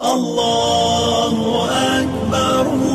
الله أكبر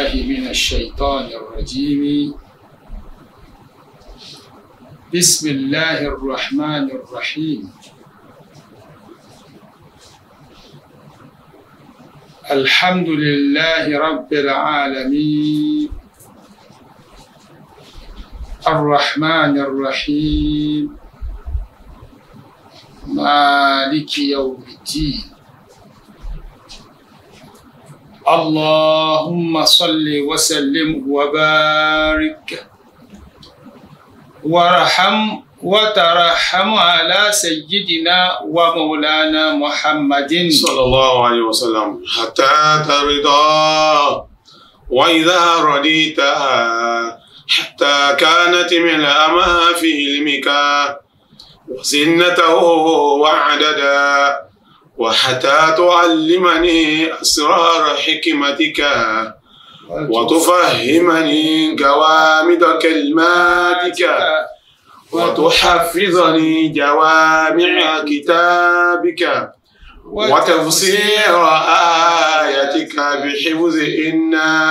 بالله من الشيطان الرجيم بسم الله الرحمن الرحيم الحمد لله رب العالمين الرحمن الرحيم مالك يوم الدين اللهم صل وسلم وبارك وارحم وترحم على سيدنا ومولانا محمد صلى الله عليه وسلم حتى ترضى وإذا رديت حتى كانت من أمها في علمك وزنته وعددا وحتى تعلمني أسرار حكمتك وتفهمني جوامد كلماتك وتحفظني جوامع كتابك وتفسير آيتك بحفظ إنا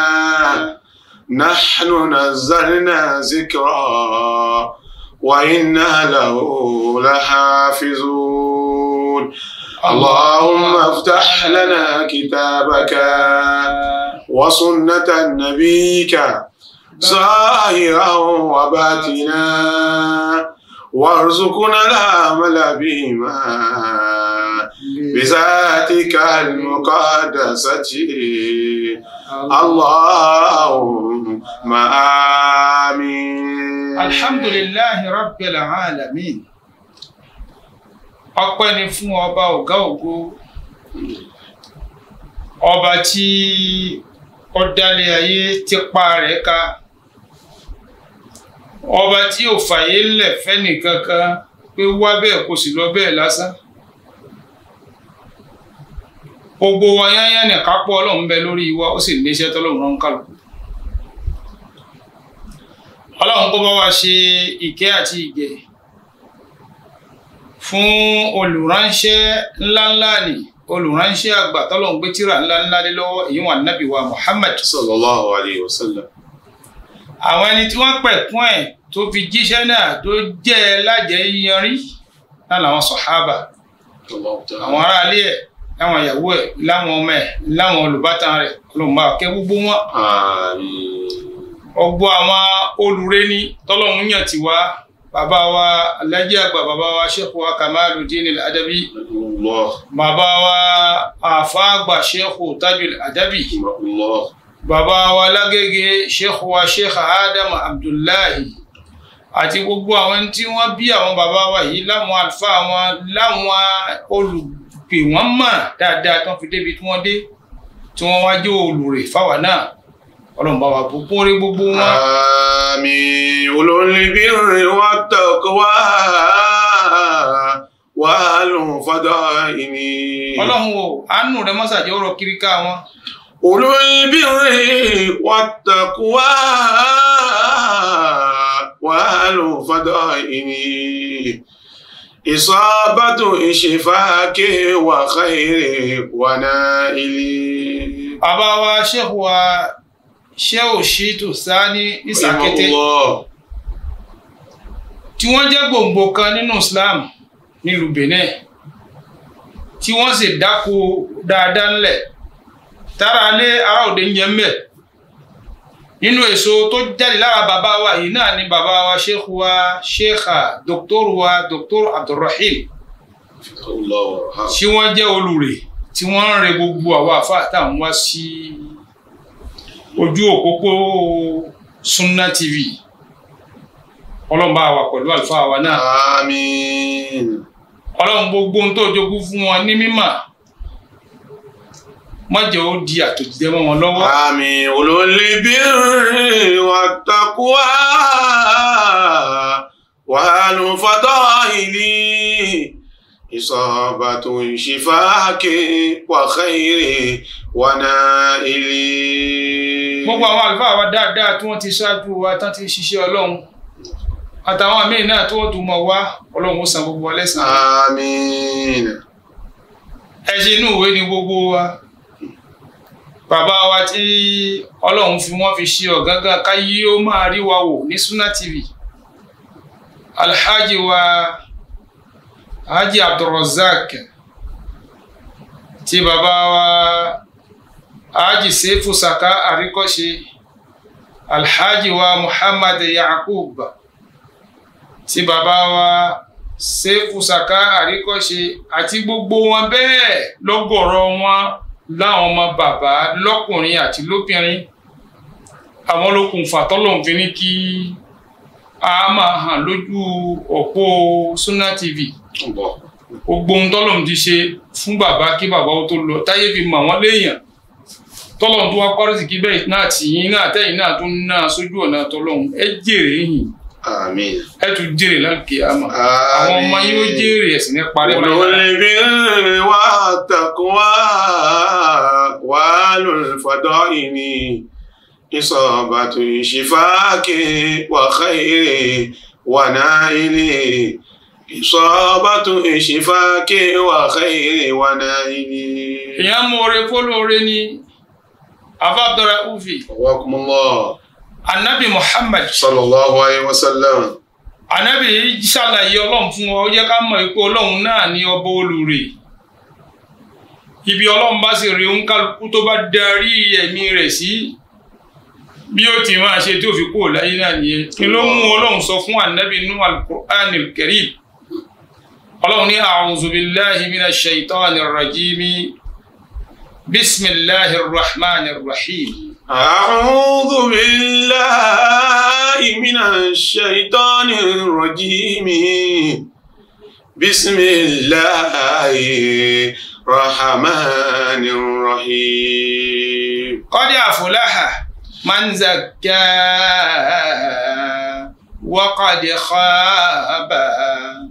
نحن نزلنا ذكرا وإنا له لحافظون اللهم افتح لنا كتابك وسنة نبيك ظاهرا وباتنا وارزقنا العمل بهما بذاتك المقدسة اللهم آمين الحمد لله رب العالمين ọpẹ́ ni fún ọba ọ̀gá ògo ọba tí ó dálé ayé pa rẹ ká ọba tí ò fàyè lẹ fẹ́nì kankan pé wá kò sì lọ bẹ́ẹ̀ lásán gbogbo wa yányá bẹ lórí wa ó sì níṣẹ́ rán kó bá wa ṣe àti fún olùránṣẹ́ ńláńlá ni olùránṣẹ́ àgbà tọ́lọ̀ ń gbé tírà ńláńlá lé lọ́wọ́ èyí wọn ànábì wa Muhammad sallallahu alayhi wa sallam. àwọn ẹni tí wọ́n pẹ̀kún ẹ̀ tó fi jíṣẹ́ náà tó jẹ́ ẹ lájẹ́ yanrí náà làwọn sọ̀hábà àwọn aráalé ẹ̀ láwọn ìyàwó ẹ̀ láwọn ọmọ ẹ̀ láwọn olùbátan rẹ̀ olùmọ̀ akẹ́ gbogbo wọn. ọgbọ́ àwọn olùrẹ́ni tọ́lọ́run bàbá wa alájí àgbà bàbá wa sheikh wa Kamaluddin al-Adabi bàbá wa àfa àgbà sheikh Tajul Adabi bàbá wa lágége sheikh wa sheikh Adam Abdullahi àti gbogbo àwọn tí wọ́n bí àwọn bàbá wa yìí láwọn àlùfáà wọn láwọn olùgbé wọn mọ̀ dáadáa tó fi débi tí wọ́n dé tí wọ́n wá olùrè fáwa náà ọlọ́run bá wa gbogbo orí gbogbo wọn. àmì olóńlébí rìn tọkọ wá wà á fọdọ ìní. ọlọ́run o àánú rẹ mọ́sàjẹ́ ọ̀rọ̀ kiri wọn. olóńlébí rìn tọkọ wá wà á fọdọ ìní. Ìsọ́bátò ìṣèfáàkè wà káyèrè wà náà ilé. Àbáwá ṣẹ́kù wa ṣé òṣìtò sáání ìsàkété tí wọ́n jẹ́ gbòǹgbò kan nínú Islam nílùú Benin tí wọ́n sì dáko dáadáa ńlẹ̀ tára lé ará òde ń jẹ mbẹ̀ nínú èso tó jáde lára bàbá wa yìí náà ni bàbá wa sheikh wa sheikha doctor wa doctor Abdulrahim tí wọ́n jẹ́ olùrè tí wọ́n ń re gbogbo àwa àfa àtàwọn wá sí. Si ojú òpópó Sunna TV ọlọ́run bá wa pẹ̀lú àlùfáà wa náà àmín ọlọ́run gbogbo ohun tó jogún fún wọn ní mímọ̀ má jẹ́ ó di àtòjíjẹ́ mọ́ wọn lọ́wọ́. àmín olólè bírì wà takuwa wà ló fọdọ́ ìlí ìsọ̀bàtò ìṣèfàákè wà khayri wà náà ìlí gbogbo àwọn àlùfáà wa dáadáa tí wọ́n ti ṣáájú wa tán ti ṣiṣẹ́ ọlọ́run àtàwọn míì náà tí wọ́n tún mọ̀ wá ọlọ́run ó san gbogbo wa lẹ́sàn-án. àmín. ẹ ṣe inú ìwé ni gbogbo wa bàbá wa tí ọlọ́run fi wọ́n fi ṣe ọ̀gángán káyé ó máa rí wa wò ní Sunna TV alhaji wa haji Abdulrozak tí bàbá wa. Aji Sefu Saka àríkọ́ṣe Alhaji wa Muhammad Yaqub ti baba wa Sefu Saka àríkọ́ṣe àti gbogbo wọn bẹ́ẹ̀ lọ́gọ̀rọ̀ wọn láwọn ọmọ bàbá lọ́kùnrin àti lóbìnrin àwọn olókùn fàtọ́lọ́hún fi ní kí a máa hàn lójú òpó Sunna TV gbogbo ohun tọ́lọ́hún ti ṣe fún bàbá kí bàbá ó tó lọ táyé fi mọ̀ wọ́n léèyàn tọ́lọ́run tó wá kọ́rẹ́sì kí bẹ́ẹ̀ náà tì yín náà tẹ́yìn náà tó ń ná sójú ọ̀nà tọ́lọ́run ẹ jèrè yìí àmín ẹ tún jèrè láǹkì àmà àwọn ọmọ yín ó jèrè ẹ̀sìn ní parí báyìí. olùbí rẹ̀ wá takùn wá wá lòlùfọ̀dọ́ ìní ìsọ̀bàtò ìṣèfàákè wà káyèrè wà náà ilé ìsọ̀bàtò ìṣèfàákè wà káyèrè wà náà ilé. ìyá mọ̀ ọ́rẹ́ fọ́lọ́ ọ̀rẹ́ ni afábdọ́ra ufi. ọwọ́kùnmọ́. anabi muhammad. sallallahu alayhi wa sallam. anabi ṣàlàyé ọlọ́run fún ọ ó yẹ ká mọ̀ pé ọlọ́run náà ní ọba olùrè ibi ọlọ́run bá sì rí òun kálukú tó bá darí ẹ̀mí rẹ̀ sí bí ó ti máa ṣe tí ó fi kúrò láyé náà nìyẹn ni ló mú ọlọ́run sọ fún anabi inú alukur'an karim ọlọ́run ní a'udhu billahi minash shaitanir rajimi. بسم الله الرحمن الرحيم أعوذ بالله من الشيطان الرجيم بسم الله الرحمن الرحيم قد أفلح من زكاها وقد خاب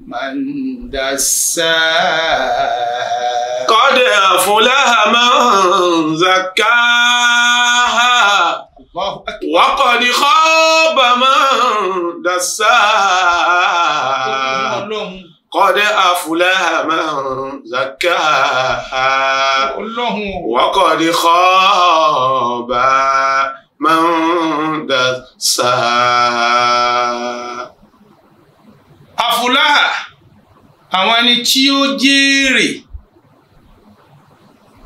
من دساها قد أفلح من زكاها وقد خاب من دساها قد أفلح من زكاها وقد خاب من دساها àfúláhà àwọn ẹni tí ó jèrè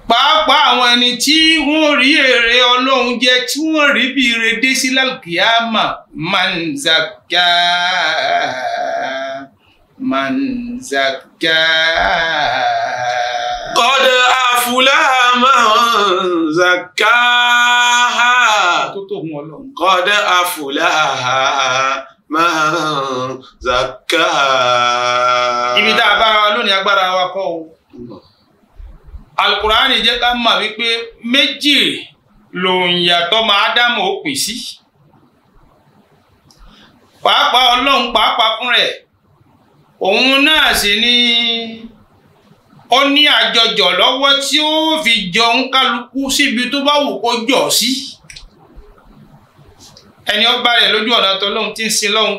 pàápàá àwọn ẹni tí wọ́n rí èrè ọlọ́run jẹ tí wọ́n rí bí ire dé sí lálùkìyàmà manzaka manzaka. kọ́dọ̀ àfúláhà manzaka. kọ́dọ̀ àfúláhà. Mazaka. zaka. ibi tá a bára wa lónìí agbára wa kọ́ o alukurani jẹ́ ká mọ̀ wípé méjì lòǹyàtọ̀ máa dámọ ó pè sí pàápàá Ọlọ́run pàápàá fún rẹ̀ òun náà sì ni ó ní àjọjọ lọ́wọ́ tí ó fi jọ ń kálukú síbi tó bá wù kó jọ sí. Si ẹni ó bá rẹ̀ lójú ọ̀nà tọlọ́hun tí ń sin lọ́hun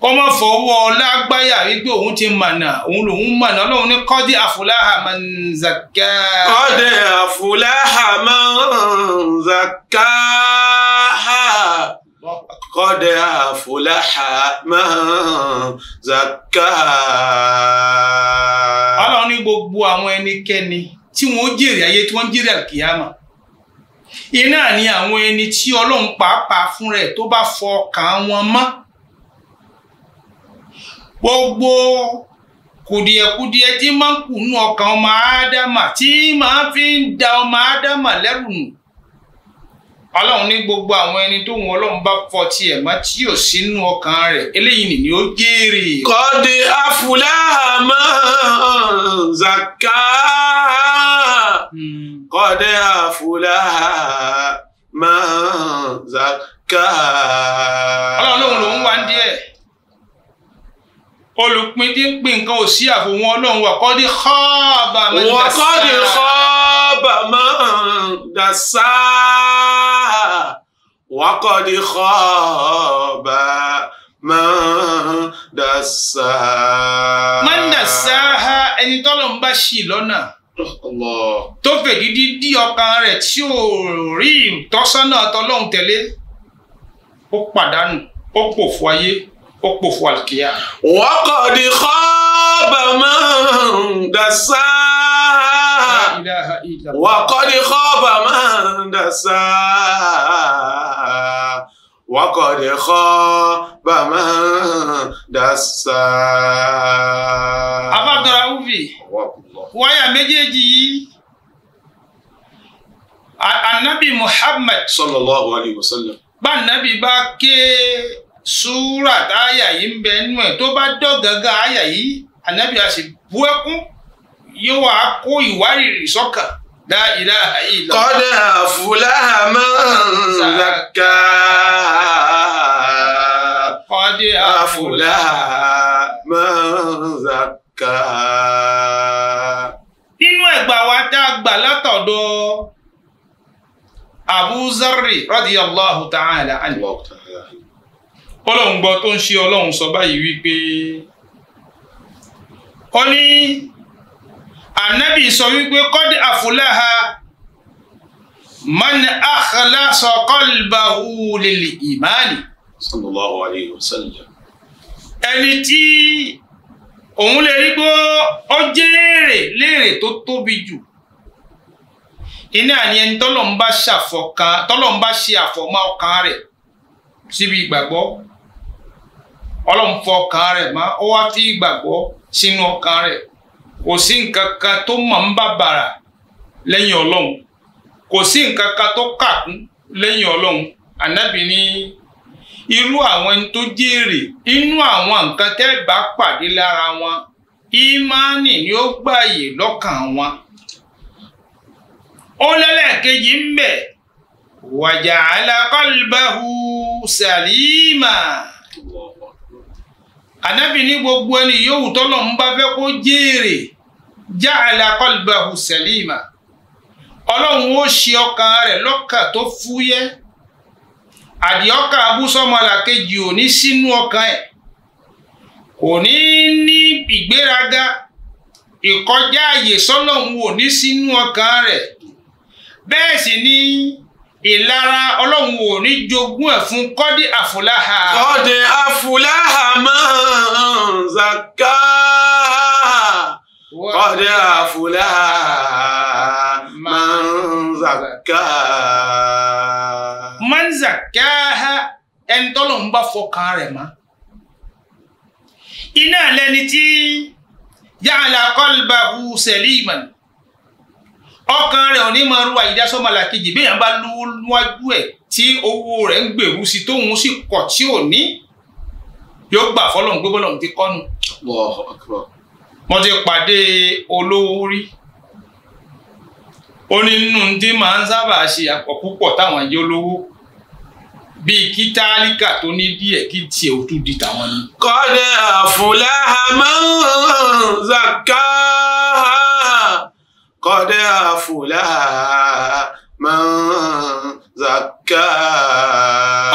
kó mọ̀ fọwọ́ lágbáyà wípé òun ti mànà òun lòun mànà ọlọ́run ní kọ́dí àfúláhà man kọ́dí àfúláhà man kọ́dí àfúláhà man ọlọ́run ní gbogbo àwọn ẹnikẹ́ni tí wọ́n jèrè ayé tí wọ́n jèrè àkìyàmà iná ni àwọn ẹni tí ọlọ́run pàápàá fún rẹ̀ tó bá fọ ọkàn wọn mọ́ gbogbo kùdìẹ̀kùdìẹ̀ tí máa ń kùnú ọkàn ọmọ ádámà tí máa fi ń da ọmọ ádámà lẹ́rù nù ọlọ́run ní gbogbo àwọn ẹni tó wọn ọlọ́run bá fọ tiẹ̀ mọ́ tí yóò sínú ọkàn rẹ̀ eléyìí ni ó jèrè. kọ́dé afúláhàmọ́ zaka kọ́dé hmm. afúláhàmọ́ zaka. ọlọ́run lòun lòun wá díẹ̀ olùpín tí ń pín nǹkan ò sí àfòwọn ọlọ́run wà kọ́dé xọ́ọ̀bà mọ́ zaka. wọ́n kọ́dé xọ́ọ̀bà mọ́. دساها وقد خاب من دساها من دساها ẹni tọ́lọ̀ ń bá ṣì lọ́nà tó fèdí dídí ọkàn rẹ̀ tí ò rí ìtọ́sọ́nà tọ́lọ́hún tẹ̀lé ó pàdánù ó pòfo ayé ó pòfo àlùkìyà. wọ́n kọ́ di kọ́ ilaha illallah. Wa qad khaba man dasa. Wa qad khaba man dasa. Abáàdọ̀rà Uvi, wáyà méjèèjì yìí. Anabi Muhammad. Sallallahu alayhi wa sallam. Bá Anabi bá ké súrà táyà yìí ń bẹ nínú ẹ̀ tó bá dọ̀ gángan àyà yìí, Anabi a sì bú ẹkún yóò wá kó ìwárìrì sọ́kàn dá ilá ìlọ. kọ́dà fúláhà máa ń zaka. kọ́dà fúláhà máa ń zaka. nínú ẹ̀gbà wa tá a gbà látọ̀dọ̀ Abu Zarri radiyallahu ta'ala anhu. ọlọ́run gbọ́ tó ń ṣe ọlọ́run sọ báyìí wípé ó ní anabi sọ wípé kọ́dí àfúláha man akhlasa qalbahu lil imani. sallallahu alayhi wa sallam. ẹni tí òun lè rí pé ó jèrè léèrè tó tóbi jù iná ni ẹni tọ́lọ̀ ń bá ṣàfọ̀kan tọ́lọ̀ ń bá ṣe àfọ̀mọ́ ọkàn rẹ̀ síbi ìgbàgbọ́ ọlọ́run fọ ọkàn rẹ̀ mọ́ ó wá fi ìgbàgbọ́ sínú ọkàn rẹ̀ kò sí nǹkan kan tó mọ̀ ń bàbàrà lẹ́yìn ọlọ́run kò sí nǹkan kan tó kàkún lẹ́yìn ọlọ́run ànábì ní irú àwọn tó jèrè inú àwọn nǹkan tẹ́ bá pàdé lára wọn ìmánì ni ó gbààyè lọ́kàn wọn ó lẹ́lẹ́kejì ń bẹ̀ wàjà alákọ̀lùbáhu sàlímà ànábì ní gbogbo ẹni yòówù tọ́lọ́run bá fẹ́ kó jèrè ja'ala qalbahu salima ọlọ́run ó ṣe ọkàn rẹ̀ lọ́kàn tó fúyẹ́ àdìọ́kàn abúsọ́mọlàkejì ò ní sínú ọkàn ẹ̀ kò ní ní ìgbéraga ìkọjá àyè sọ́lọ́run ò ní sínú ọkàn rẹ̀ bẹ́ẹ̀ sì ni ìlara ọlọ́run ò ní jogún ẹ̀ fún kọ́dí àfúláhà. kọ́dí àfúláhà man zakka. قد أفلح من زكاها من زكاها ẹni tọ́lọ̀ ń bá fọkàn rẹ̀ mọ́ iná lẹni tí yàrá kọlba hu sẹlíman ọkàn rẹ̀ ò ní máa ru àyídásọ́mọlá kejì bí èèyàn bá lu níwájú ẹ̀ tí owó rẹ̀ ń gbèrú sí tóun sì kọ̀ tí ò ní yóò gbà fọlọ́n gbé ti kọ́nu mo ti pàdé olówó rí ó ní nínú tí màá ń sábà ṣe àpọ̀ púpọ̀ táwọn ẹ̀yẹ olówó bíi kí tálíkà tó ní díẹ̀ kí tiẹ̀ ò tún di tàwọn ni. kọ́dẹ̀ àfúláhà máa kọ́dẹ̀ àfúláhà máa ń zàká.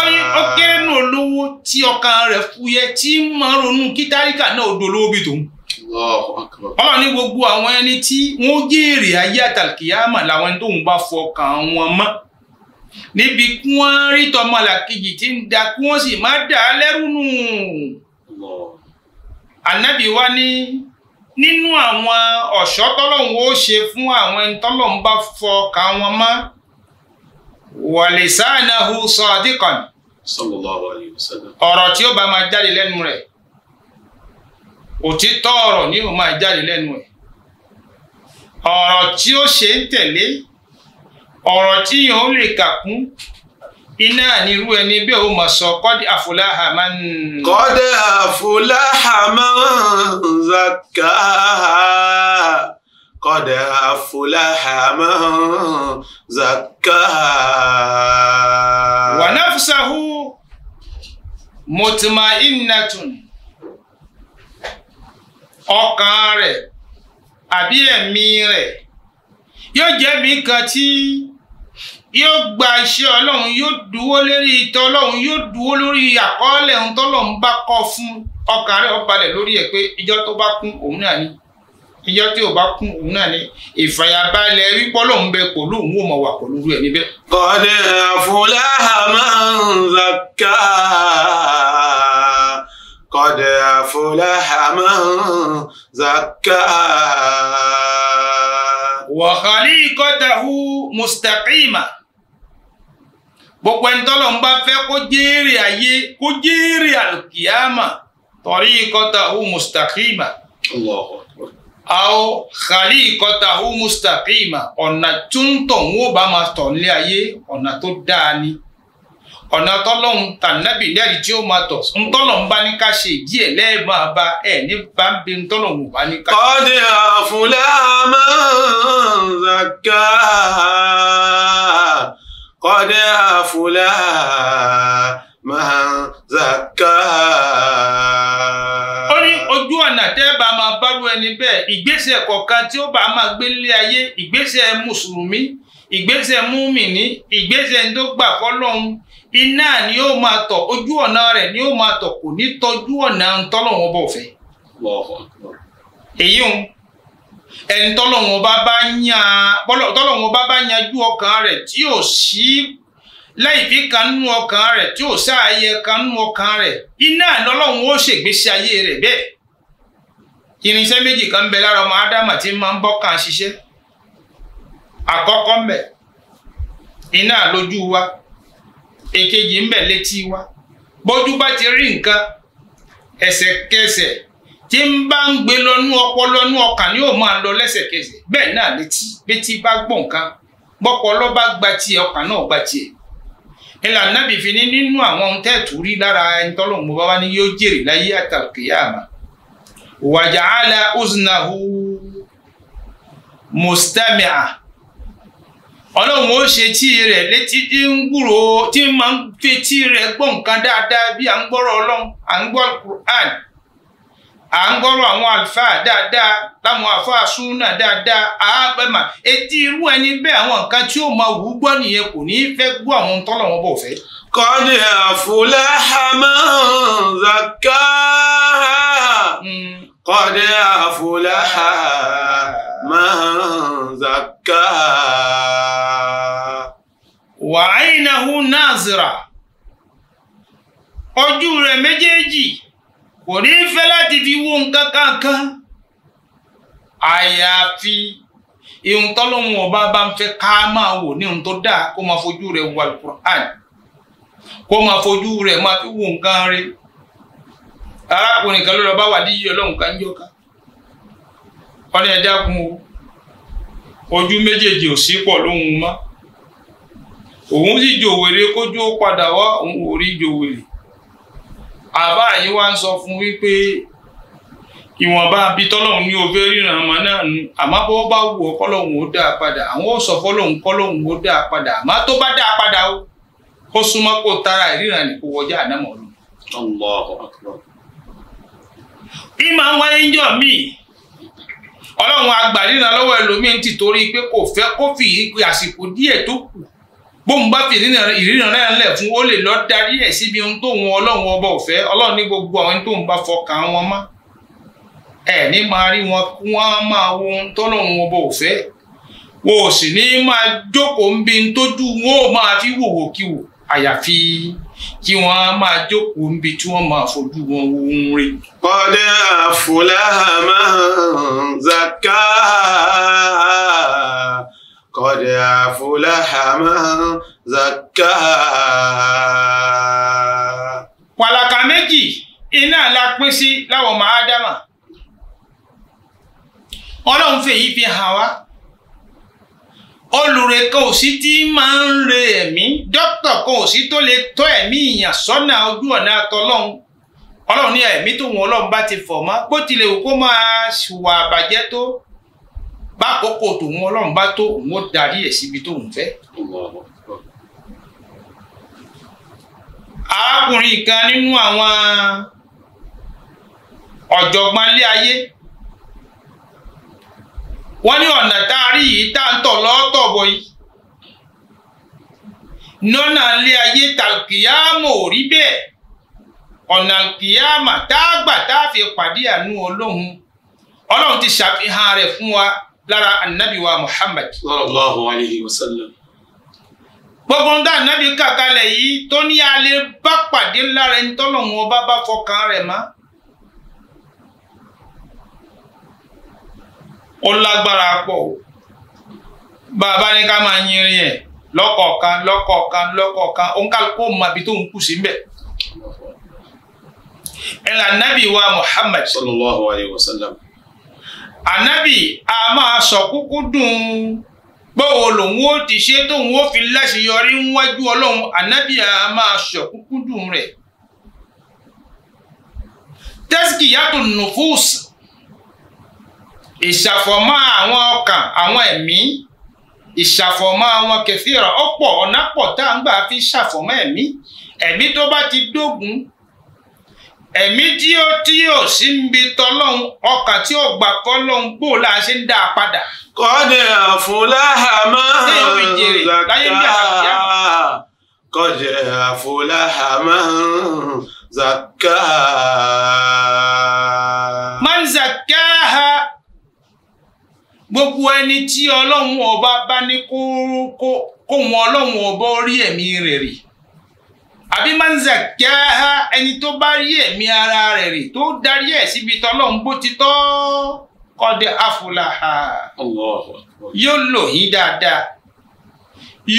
ọyẹ ọkẹ́nu olówó tí ọkàn rẹ̀ fúyẹ́ tí máa ronú kí tálíkà náà dolówó bí ọlọ́run ní gbogbo àwọn ẹni tí wọ́n jèrè ayé àtàlùkìyàmà làwọn tó ń bá fọkàn wọn mọ́ níbi kí wọ́n rí tọmọlàkejì tí ń da kí wọ́n sì má dà á lẹ́rù nù. ànábì wa ní nínú àwọn ọ̀ṣọ́ tọ́lọ́hún ó ṣe fún àwọn ẹni tọ́lọ́hún bá fọkàn wọn mọ́ wàlẹ̀ sáà náà hù sọ àdìkan. ọ̀rọ̀ tí ó bá máa jáde lẹ́nu rẹ̀ òtítọ́ ọ̀rọ̀ ni yóò máa jáde lẹ́nu ẹ̀ ọ̀rọ̀ tí ó ṣe ń tẹ̀lé ọ̀rọ̀ tí yóò lè kà kún iná nírú ẹni bẹ́ẹ̀ ó máa sọ kọ́dí àfúláhà ń. kọ́dí àfúláhà ń zaka kọ́dí àfúláhà ń zaka. wà náfúsáhù mutma'innatun. ọkàn rẹ̀ àbí ẹ̀mí rẹ̀ yóò jẹ́ ẹ̀mí kan tí yóò gba iṣẹ́ ọlọ́run yóò dúró lórí ìtọ́ ọlọ́run yóò dúró lórí àkọọ́lẹ̀ ohun tọ́lọ́run bá kọ́ fún ọkàn rẹ̀ ó lórí ẹ̀ pé ìjọ tó bá kún òun náà ni ìjọ tí ò bá kún òun náà ni ìfàyàbalẹ̀ wípọ́ lòun bẹ pò lóun ò mọ̀ wà pò lóru ẹ̀ níbẹ̀. qad aflaha man قد أفلح من زكاها وخليقته مستقيمة gbogbo ẹni tọ́lọ̀ ń bá fẹ́ kó jéèrè ayé kó jéèrè alkiyama tariqatahu mustaqima àwọn khaliqatahu mustaqima ọ̀nà tó ń tọ̀ ń wò bá máa tọ̀ nílé ayé ọ̀nà tó dáa ni ọ̀nà tọ́lọ́hún tànàbì lẹ́rìí tí ó máa tọ̀ ntọ́lọ́hún bá ní ká ṣe ìdí ẹ̀ lẹ́ẹ̀mọ́ bá ẹ̀ ní bá ń bẹ ntọ́lọ́hún bá ní ká. kọ́dé àfúlẹ́ máa ń zàkà àfúlẹ́ máa ń ojú ọ̀nà tẹ́ bá máa ẹni bẹ́ẹ̀ ìgbésẹ̀ kọ̀ọ̀kan tí ó bá máa gbé lé ayé ìgbésẹ̀ mùsùlùmí ìgbésẹ̀ múmìnì ìgbésẹ̀ tó gbà iná ni ó máa tọ̀ ojú ọ̀nà rẹ̀ ni ó máa tọ̀ kò ní tọ́jú ọ̀nà tọ́lọ́hún èyí ń ẹni bá yanjú ọkàn rẹ̀ tí ò sí irinṣẹ́ méjì kan ń bẹ lára ọmọ ádámà tí máa ń bọ́kàn ṣiṣẹ́ àkọ́kọ́ ń iná lójú wa èkejì ń bẹ létí wa bójú bá ti rí nǹkan ẹsẹ̀kẹsẹ̀ tí ń bá ń gbé lọ́nú ọpọlọ́nú ọkàn ni yóò máa lọ lẹ́sẹ̀kẹsẹ̀ bẹ́ẹ̀ náà létí létí bá gbọ́ nǹkan bọ́pọlọ bá gba tiẹ̀ ọkàn náà gba tiẹ̀ ìlànà bìfin nínú àwọn ohun tẹ́ẹ̀tù rí lára ẹni tọ́lọ́mùbá wa ni yóò jèrè láyé àtàkìyà àmà وجعل أذنه mustami'a ọlọ́run ó ṣe tí rẹ̀ létí tí ń gbúrò tí máa ń tí rẹ̀ gbọ́ nǹkan dáadáa bí à ń gbọ́rọ̀ ọlọ́run à ń gbọ́ quran à ń gbọ́rọ̀ àwọn àlùfáà dáadáa láwọn àfáà súnà dáadáa àábẹ́mà etí irú ẹni bẹ́ẹ̀ àwọn nǹkan tí ó máa wù kò ní í fẹ́ gbọ́ àwọn ohun bọ̀ fẹ́. kọ́ni قد أفلح من زكاها وعينه ناظرة ojú rẹ̀ méjèèjì kò ní fẹ́ láti fi wo nǹkan kankan àyàfi ihun tọ́lọ́hun ọba bá ń fẹ́ ká máa wò ní ohun tó dáa kó máa fojú rẹ̀ wo alukur'an kó máa fojú rẹ̀ máa fi wo nǹkan rẹ̀ arákùnrin kan ló lọ bá wà díyí ọlọ́run ká ń jọ́ka wọ́n ní ẹja kun o ojú méjèèjì ò sí pọ̀ lóhun mọ́ òun sì jòwèrè kójú ó padà wá òun ò rí jòwèrè àbá yìí wá ń sọ fún wípé ìwọ̀nba àbí tọ́lọ́hún ní òfé ríran ọmọ náà nu àmọ́ bọ́ bá wù ọ́ kọ́lọ́hún ó dáa padà àwọn ò sọ fọ́lọ́hún kọ́lọ́hún ó dáa padà àmọ́ tara ìríran ní kó wọjá bí máa ń wáyé ń jọ míì ọlọ́run àgbà ríran lọ́wọ́ ẹlòmíín ti torí pé kò fẹ́ kó fi ìpè àsìkò díẹ̀ tó kù bóun bá fi ìríran náà lẹ̀ fún ó lè lọ darí ẹ̀ síbi ohun tóun ọlọ́run ọba ọ̀fẹ́ ọlọ́run ní gbogbo àwọn tóun bá fọkàn wọn mọ́ ẹ̀ ní máa rí wọn kí wọ́n máa wo ohun tọ́lọ́run ọba ọ̀fẹ́ wọn ò ní máa jókòó ń bi tójú wọn ò máa fi wòwò kí wò àyàfi kí wọ́n máa jókòó níbi tí wọ́n máa fojú wọn wo ohun rẹ. kọ́dé àfúláhà máa ń zaka kọ́dé àfúláhà zaka. pàlàkà méjì iná la pín sí láwọn ọmọ ádámà ọlọ́run fèyí fi hàn wá olùrè kan ò sí tí máa ń re ẹ̀mí dókítà kan ò sí tó lè tọ́ ẹ̀mí ìyàn sọ́nà ojú ọ̀nà àtọ́lọ́hún ọlọ́run ní ẹ̀mí tó wọn ọlọ́run bá ti fọ̀ mọ́ bó tilẹ̀ wù kó máa wà bàjẹ́ tó bákòókò tòun ọlọ́run bá tó òun darí ẹ̀ síbi tóun fẹ́. arákùnrin kan nínú àwọn ọ̀jọ̀gbọ́n ilé ayé wọ́n ní ọ̀nà tá a rí yìí tá a ń tọ̀ lọ́tọ̀ bọ̀ yìí nọ́nà ilé ayé tàkìyàmọ̀ ò rí bẹ́ẹ̀ ọ̀nà kìyàmà tá a gbà tá a fi pàdé àánú ọlọ́hun ọlọ́hun ti ṣàfihàn rẹ̀ fún wa lára anabi muhammad. sallallahu alayhi wa sallam. gbogbo ń dá anabi kàkálẹ̀ yìí tó ní alẹ́ bá pàdé lára ẹni tọ́lọ́hun ọba bá fọkàn rẹ̀ mọ́. ó lágbára pọ̀ bàbá ní ká máa yinrin ẹ̀ lọ́kọ̀ọ̀kan lọ́kọ̀ọ̀kan lọ́kọ̀ọ̀kan òǹkàlùkù mọ àbí tó ń kù sí mbẹ̀. ẹ̀rọ anábì wa Muhammad sallallahu alayhi wa sallam anábì a máa sọ kúkú dùn báwo lòun ó ti ṣe tóun ó fi láṣeyọrí níwájú ọlọ́run anábì a máa sọ kúkú dùn rẹ̀ tẹ́síkì yàtọ̀ nùfúùsì ìṣàfọ̀mọ́ àwọn ọkàn àwọn ẹ̀mí ìṣàfọ̀mọ́ àwọn kẹfìrà ọ̀pọ̀ ọ̀nà pọ̀ tá à ń gbà fi ṣàfọ̀mọ́ ẹ̀mí ẹ̀mí tó bá ti dógun ẹ̀mí tí ó tí ò sí ń bi tọ́lọ́hún ọkàn tí ò gbà kọ́lọ́hún bò là ṣe ń dá a padà. kọ́dẹ̀ àfúláhà máa ń zàkà kọ́dẹ̀ àfúláhà máa gbogbo ẹni tí ọlọ́run ọba bá ní kó wọn ọlọ́run ọba rí ẹ̀mí rẹ̀ rì àbí máa ń zàkíáhá ẹni tó bá rí ẹ̀mí ara rẹ̀ rì tó darí ẹ̀ síbi tọ́lọ́run bó ti tọ́ kọ́dẹ̀ afúláhà yóò lò yín dáadáa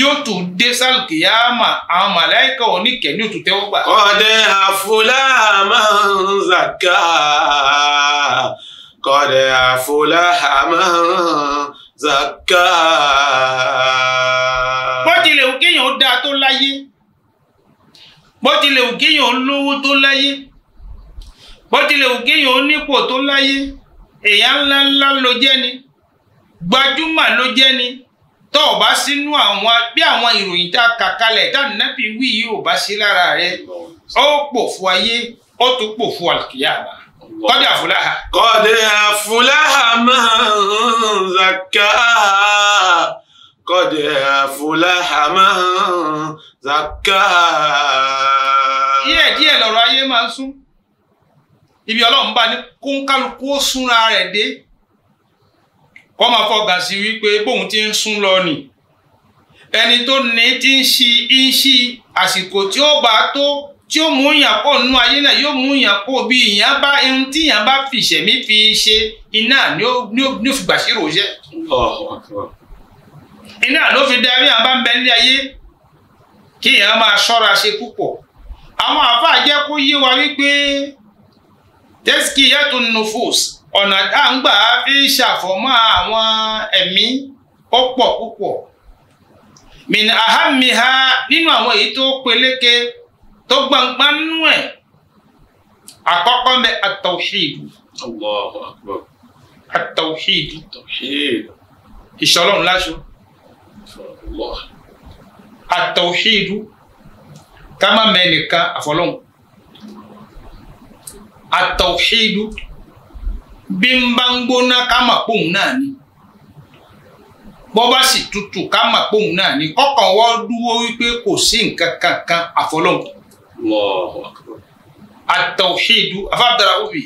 yóò tún dé sálùkìyàmà àwọn màláìka oníkẹ́ ní òtútẹ́ gbà. kọ́dẹ̀ afúláhà máa ń zàkíáhá. قد أفلح من زكاها. bó tilẹ̀ wù kéèyàn ó dáa tó láyé bó tilẹ̀ wù kéèyàn ó lówó tó láyé bó tilẹ̀ wù kéèyàn ó nípò tó láyé èèyàn ńláńlá ló jẹ́ ni gbajúmọ̀ ló jẹ́ ni tó o bá sínú àwọn bí àwọn ìròyìn tá a kà kalẹ̀ dáná náà fi wí yìí sí lára rẹ̀ ó pò fún ayé ó tún pò fún àlùkìyàmá kọ́dé àfúláhà. kọ́dé àfúláhà máa ń zàkà kọ́dé àfúláhà máa ń zàkà. díẹ̀ díẹ̀ lọ́rọ̀ ayé máa ń sún ibi ọlọ́run bá ní kó ń kálukú ó súnra rẹ̀ dé kọ́ máa fọgà sí wípé bóun ti ń sún lọ nì ẹni tó ní ti ń ṣi ń ṣi àsìkò tí ó bá tó tí ó mú yàn pọ̀ nínú ayé náà yóò mú yàn pọ̀ bí ìyàn bá ohun tí yàn bá fi ìṣẹ̀mí fi ṣe iná ni ó fi gbàṣírò jẹ́ iná ló fi darí àwọn bá ń bẹ nílé ayé kí èèyàn máa ṣọ́ra ṣe púpọ̀ àwọn àfáà jẹ́ kó yé wa wípé tazkiyatun nufus ọ̀nà tá ń gbà fi ṣàfọ̀mọ́ àwọn ẹ̀mí ó pọ̀ púpọ̀ min ahammiha nínú àwọn èyí tó peléke tó gbangba nínú ẹ̀ àkọ́kọ́ mẹ́ àtọ̀ṣìdù. Allahu akbar. àtọ̀ṣìdù. àtọ̀ṣìdù. ìṣọlọ́run láṣọ. àtọ̀ṣìdù ká má mẹ́nìkan àfọlọ́hùn. àtọ̀ṣìdù bí ń bá ń gbóná ká mà pòun náà ni bọ́ bá sì tutù ká mà pòun náà ni kọ́kàn wọ́n dúró wípé kò sí nǹkan kankan àfọlọ́hùn. Allahu akbar. At-tawhidu afábàtàrà òbí.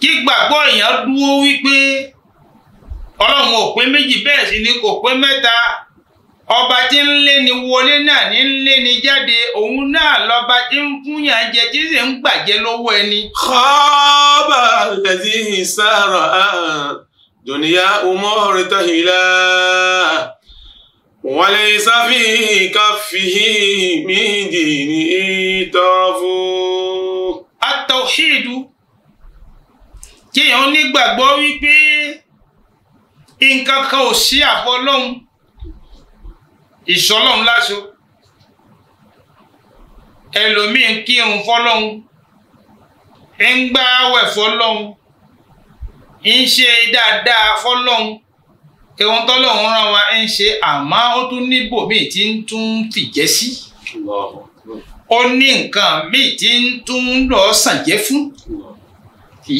Kí gbàgbọ́ èèyàn dúró wípé ọlọ́run ò pín méjì bẹ́ẹ̀ sì ni kò pín mẹ́ta ọba tí ń lé ni wọlé náà ní ń lé ni jáde òun náà lọba tí ń fúnyàn jẹ tí sì ń gbàjẹ lọ́wọ́ ẹni. Khaba allazi sara duniya umar tahila. وليس في كفه من دينه طرف. التوحيد kéèyàn nígbàgbọ́ wípé nǹkan kan ò sí àfọlọ́hún ìsọlọ́hún láṣọ ẹlòmíín kírun fọlọ́hún ń gbáwẹ̀ fọlọ́hún ń ṣe dáadáa fọlọ́hún ohun tọ́lọ́run rán wa ń ṣe àmọ́ ó tún níbòmíì tí ń tún fìjẹ́ sí ó ní nǹkan míì tí ń tún lọ sàn jẹ́ fún kì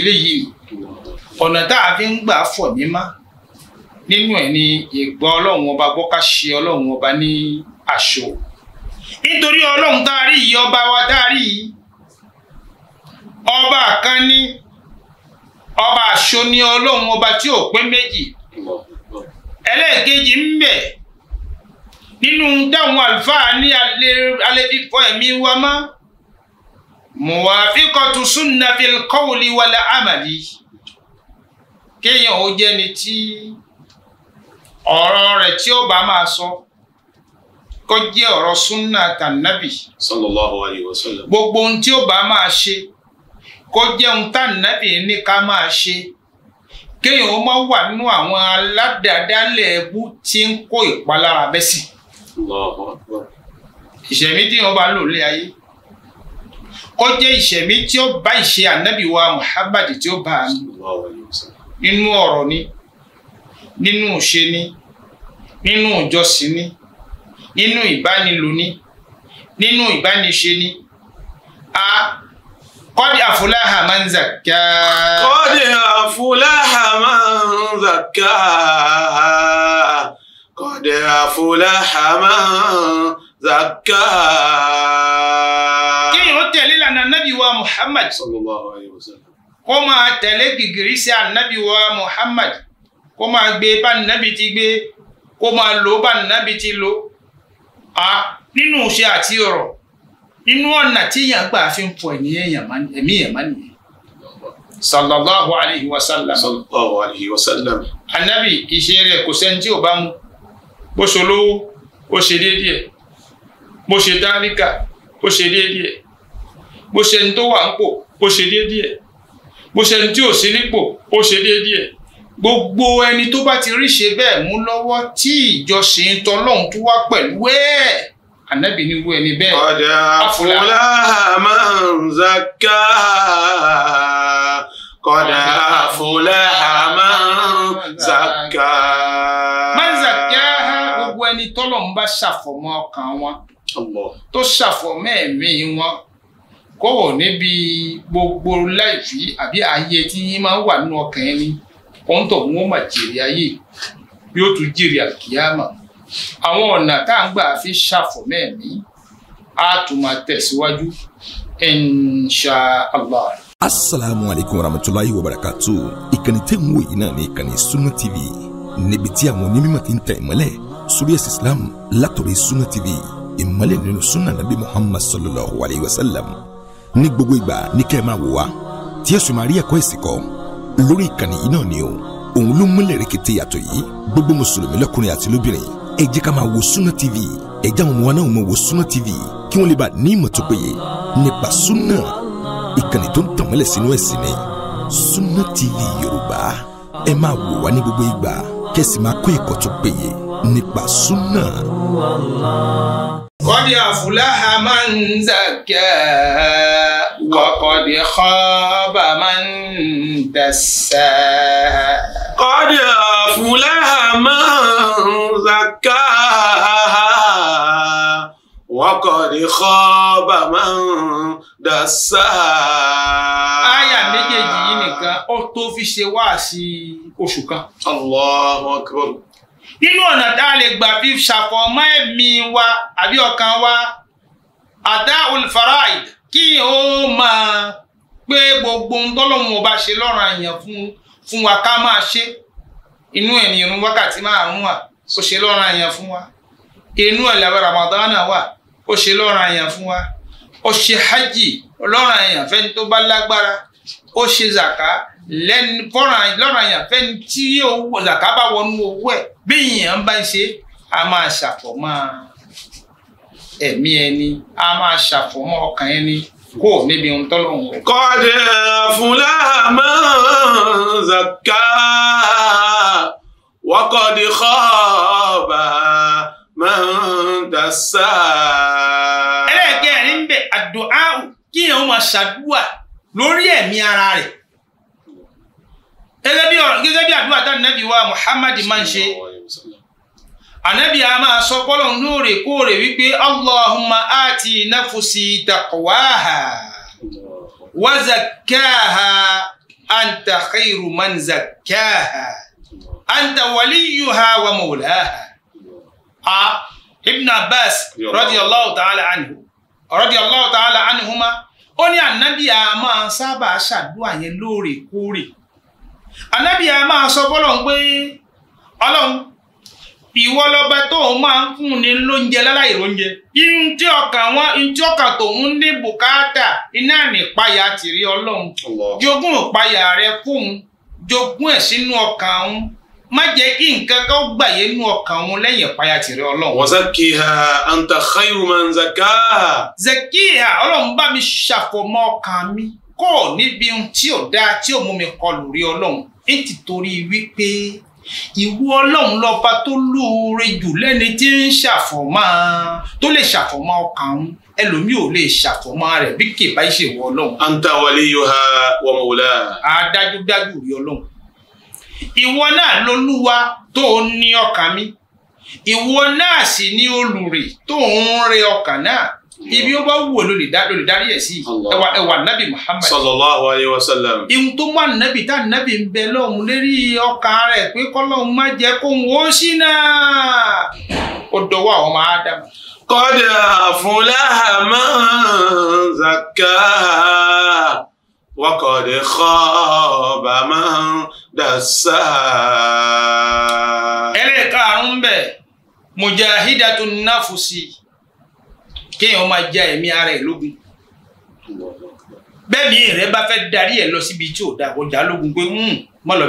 eléyìí ọ̀nà tá a fi ń gbà ni ìgbọ́ ọlọ́run ọba gbọ́ ká ṣe ọlọ́run ọba ní àṣọ nítorí ọlọ́run tá a rí yìí ọba wa tá a ọba kan ní ọba àṣọ ni ọlọ́run ọba tí ò pé méjì ẹlẹ́ẹ̀kejì ń bẹ̀ nínú táwọn àlùfáà ní alẹ́ fífọ ẹ̀mí wa mọ́ muwafiqatu sunna fil qawli wal amali kéèyàn ó jẹ́ni tí ọ̀rọ̀ rẹ̀ tí ó bá máa sọ kó jẹ́ ọ̀rọ̀ súnà tànàbì. sallallahu alayhi wa sallam. gbogbo ohun tí ó bá máa ṣe kó jẹ́ ohun tànàbì ní ká máa ṣe kéèyàn ó máa wà nínú àwọn aládàádálẹ̀ ẹbú tí ń kó ìpalára bẹ́ sí. ìṣẹ̀mí tí wọ́n bá lò lé ayé kó jẹ́ ìṣẹ̀mí tí ó bá ìṣe ànábì Muhammad tí ó bá a nínú ọ̀rọ̀ ni nínú ìṣe ni nínú ìjọsìn ni nínú ìbánilò ni nínú ìbániṣe ni. Nínú kọ́dí àfúláhà máa ń zàkà. kọ́dí àfúláhà máa ń zàkà. kọ́dí àfúláhà máa ń zàkà. kí ni ó tẹ̀lé lànà nábì wa Muhammad. sallallahu alayhi wa sallam. kó máa tẹ̀lé gìgìrì sí ànábì wa Muhammad kó máa gbé bá nábì ti gbé kó máa lò bá nábì ti lò. nínú iṣẹ́ àti ọ̀rọ̀ inú ọ̀nà tí èèyàn gbà fi ń fọ ẹ̀mí èèyàn má nìyẹn. sallallahu alayhi wa sallam. sallallahu alayhi wa sallam. anabi ìṣe rẹ̀ kò sẹ́ni tí ò bá mu bó ṣe olówó ó ṣe déédéé bó ṣe dáríkà ó ṣe déédéé bó ṣe ń tó wà ń pò ó ṣe déédéé bó ṣe ń tí ò sí nípò ó ṣe déédéé gbogbo ẹni tó bá ti rí ṣe bẹ́ẹ̀ mú lọ́wọ́ tí ìjọsìn tọlọ́hun tó wá pẹ̀lú ẹ̀ ànábì ní wú ẹni bẹ́ẹ̀ afúlá máa ń zaka kọ́dà afúlá máa ń zaka. máa zaka gbogbo ẹni tọ́lọ̀ ń bá ṣàfọ̀mọ́ ọkàn wọn tó ṣàfọ̀mọ́ ẹ̀mí wọn kọ́wọ̀ níbi gbogbo láìfí àbí ayé tí yín máa ń wà nínú ọkàn ẹni kọ́ńtọ̀ wọn mà jèrè ayé yóò tún jèrè àkíyàmà àwọn ọ̀nà tá à ń gbà fi ṣàfọ̀mọ́ ẹ̀mí á tún máa tẹ̀síwájú insha allah. asalaamualeykum warahmatulahi wabarakatu ìkànnì tẹ́ ń wò yìí náà ní ìkànnì Sunna TV níbi tí àwọn onímọ̀ ti ń tẹ̀ ìmọ́lẹ̀ suriyas islam látọ̀rí Sunna TV ìmọ́lẹ̀ nínú sunna nabi muhammad sallallahu alayhi wa sallam ní gbogbo ìgbà ní kẹ́ ẹ máa wò wá tí ẹ sì máa rí ẹ̀kọ́ ìsìnkọ́ lórí ìkànnì yìí náà ni o òun ló múlẹ̀ rẹ̀kẹ̀tẹ̀ yàtọ̀ yìí gbogbo mùsùlùmí lọ́kùnrin àti lóbìnrin ẹ jẹ́ ká máa wo Sunna TV ẹ jẹ́ àwọn ọmọ wa wo Sunna TV kí wọ́n lè bá ní ìmọ̀ tó péye nípa Sunna ìkànnì tó ń tàn sínú ẹ̀sìn ni Sunna TV Yorùbá ẹ máa wò wá ní gbogbo ìgbà kẹ́sì máa kó ẹ̀kọ́ tó péye nípa súnà. kọ́dí àfúláhà máa ń zàkẹ́ wọ́kọ̀dí kọ́ọ̀bà máa ń tẹ̀sẹ̀. kọ́dí àfúláhà máa ń zàkẹ́ wọ́kọ̀dí kọ́ọ̀bà máa ń tẹ̀sẹ̀. àyà méjèèjì yìí nìkan ó tó fi ṣe wáàsí oṣù kan. Allahu akbar nínú ọ̀nà tá a lè gbà fi ṣàfọ̀mọ́ ẹ̀mí wa àbí ọkàn wa àdá olùfaraid kí ó máa pé gbogbo ń tọ́lọ́mù ọba ṣe lọ́rùn àyàn fún fún wa ká máa ṣe inú ẹ̀ ní irun wákàtí márùn-ún wa ó ṣe lọ́rùn àyàn fún wa inú ẹ̀ ramadana wà ó ṣe lọ́rùn àyàn fún wa ó ṣe hajj lọ́rùn àyàn fẹ́ni tó bá lágbára ó ṣe zàká lẹ́nu lọ́ranyàn fẹ́ni tí owó zàká bá wọnú owó ẹ̀ bí èèyàn bá ń ṣe a máa ṣàfọ̀mọ́ ẹ̀mí ẹni a máa ṣàfọ̀mọ́ ọkàn ẹni kó o níbi ohun tọ́lọ̀ wọn. kọ́dé fúnláàmọ́ zàká wọ́kọ̀dé kọ́ọ̀bà máa ń dàsá. ẹlẹ́gẹ̀ẹ́rin bẹ́ẹ̀ àdùn áhùn kí èèyàn máa ṣàdúrà lórí ẹ̀mí ara rẹ̀ gẹ́gẹ́ bí ọ̀rọ̀ gẹ́gẹ́ bí àdúrà tá ànábì wa Muhammad máa ń ṣe ànábì a máa sọ pọ́lọ̀ lóòrèkóòrè wípé Allahumma ati nafusi taqwaha wa zakkaha anta khairu man zakkaha anta waliyuha wa mawlaha a Ibn Abbas radiyallahu ta'ala anhu radiyallahu ta'ala anhuma. ó ní ànábì a máa sábà ṣàdúrà yẹn lóòrèkóòrè ànábì a máa sọ bọ́lọ́hun pé ọlọ́run ìwọ lọba tóun máa ń fún ni lóúnjẹ láláì lóúnjẹ ihun tí ọkàn wọn ihun tí ọkàn tòun ní bùkátà iná nípayà tìrí ọlọ́run jogún ìpayà rẹ fóun jogún ẹ̀ sínú ọkàn òun má jẹ́ kí nǹkan kan gbàyé nú ọkàn òun lẹ́yìn ìpayà tìrẹ ọlọ́run. wa zakkiha anta khayru man zakkaha. zakkiha ọlọ́run bá mi ṣàfọ̀mọ́ ọkàn mi kọ́ níbi tí ò dáa tí ò mú mi kọlù rí ọlọ́run ètì torí wípé ìwọ ọlọ́run lọ́ba tó lóore jù lẹ́ni tí ń ṣàfọ̀mọ́ tó lè ṣàfọ̀mọ́ ọkàn òun ẹlòmíì ò lè ṣàfọ̀mọ́ rẹ̀ bí kèbá ìṣèwọ ọlọ́run. anta waliyuha wa mawlaha. àdájúdájú rí ọlọ́run ìwọ náà lolúwa tó ń ní ọkàn mi ìwọ náà sì ní olùrè tó ń rè ọkàn náà ibi ó bá wù ló ẹ̀ sí ẹwà ẹwà nabi muhammad sallallahu alayhi wa sallam. ihun tó mọ nabi tá nabi ń bẹ lọ́hùn lérí ọkàn rẹ̀ pé kọ́lọ́hún má jẹ́ kó ń wọ́n sí náà ó dọwọ́ àwọn ọmọ ádámù. qad aflaha man zakkaha. وقد خاب من دسا ẹlẹ́ẹ̀karùn-ún bẹ̀ mujahidatu nafusi kéèyàn máa ja ẹ̀mí ara ẹ̀ lógun bẹ́ẹ̀ mi rẹ̀ bá fẹ́ darí ẹ̀ lọ síbi tí ò da ọjà lógun pé mọ́ hmm, lọ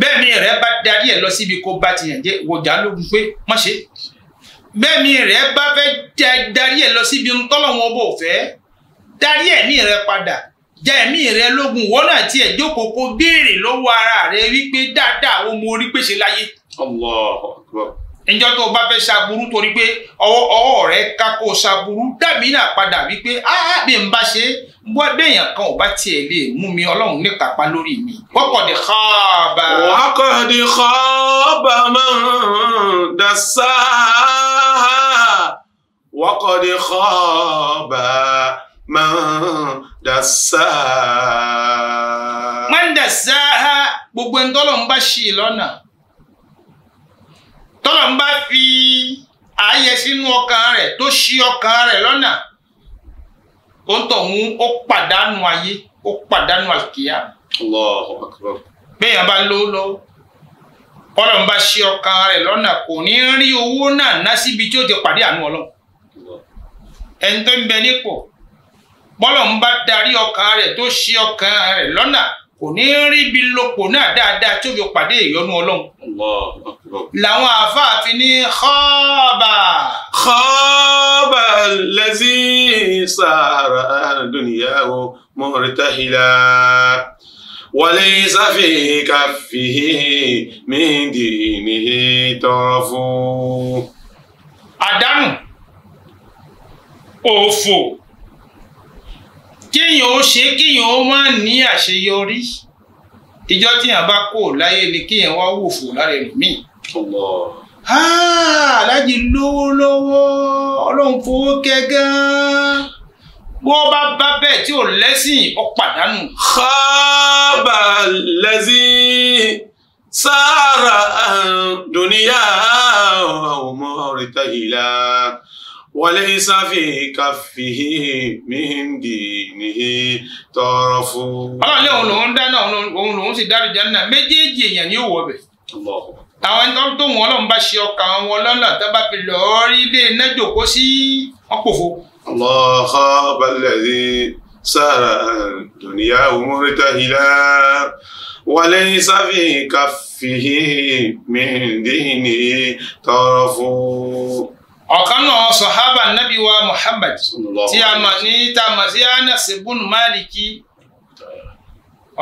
bẹ̀ bẹ́ẹ̀ mi rẹ̀ bá darí ẹ̀ lọ síbi kó bá ti yàn jẹ́ ọjà lógun pé mọ́ ṣe bẹ́ẹ̀ mi rẹ̀ bá fẹ́ darí ẹ̀ lọ síbi ntọ́lọ́wọ́n bò fẹ́ darí ẹ̀mí rẹ̀ padà jẹ ẹ̀mí rẹ lógun wọ́n náà tiẹ̀ jókòó kó béèrè lọ́wọ́ ara rẹ wípé dáadáa o ọmọ orí pèsè láyé. Allahu Akbar. ǹjọ́ tó o bá fẹ́ ṣaburú torí pé ọwọ́ rẹ kakó ṣaburú dàbí náà padà wípé áá bí n bá ṣe bọ́ déèyàn kan ò bá tiẹ̀ lè mú mi ọlọ́run ní kápá lórí mi. wọ́kọ̀dé xaaba. wọ́kọ̀dé xaaba máa ń dasa wọ́kọ̀dé xaaba man dassaha. man dassaha gbogbo ẹni tọ́lọ̀ ń ṣì lọ́nà tọ́lọ̀ fi ààyè sínú ọkàn rẹ̀ tó ṣí ọkàn rẹ̀ lọ́nà ó ń tọ̀hún ó pàdánù ayé ó pàdánù àkìyà. Allahu akbar. bẹ́ẹ̀yàn bá lówó lọ́wọ́ ọlọ́run bá ṣí ọkàn rẹ̀ lọ́nà kò ní rí owó náà ná síbi tí ó ti pàdé àánú ọlọ́run ẹni tó ń bẹ nípò bọ́lọ̀ ń bá darí ọkàn rẹ̀ tó ṣe ọkàn rẹ̀ lọ́nà kò ní ríbi lopò náà dáadáa tí ó fi pàdé ìyọnu ọlọ́run. làwọn àáfàá fi ní khaba. khaba allazi sàrà dùnìyàwó murtahila. وليس في كفه من دينه طرف. àdánù òfò kéèyàn ó ṣe kéèyàn ó má ní àṣeyọrí ìjọ tíyàn bá kó láyé ni kéèyàn wá wòfò lára ẹlòmíì. aláàjì lówó lọ́wọ́ ọlọ́run fowó kẹ́ gan-an bó bá bá bẹ́ẹ̀ tí ò lẹ́sìn ó pàdánù. sábà lẹ́sìn sára dùnìyà ọmọ rẹ̀ tàyè وليس في كفه من دينه طرف. ọlọ́run lé òun lòún dáná òun lòún sì dárí jánnà méjèèjì èèyàn ni yóò wọ bẹ̀. àwọn ẹni tó ń tóun ọlọ́run bá ṣe ọkàn wọn lọ́nà tó bá fi lọ́ọ́ rí ilé iná jòkó sí ọ̀pọ̀fọ́. الله الذي سار دنياه مرتهلا وليس في كفه من دينه طرف ọ̀kan náà sọ̀hábà nábì wa Muhammad tí a mọ̀ ní tá a mọ̀ sí Anas ibn Maliki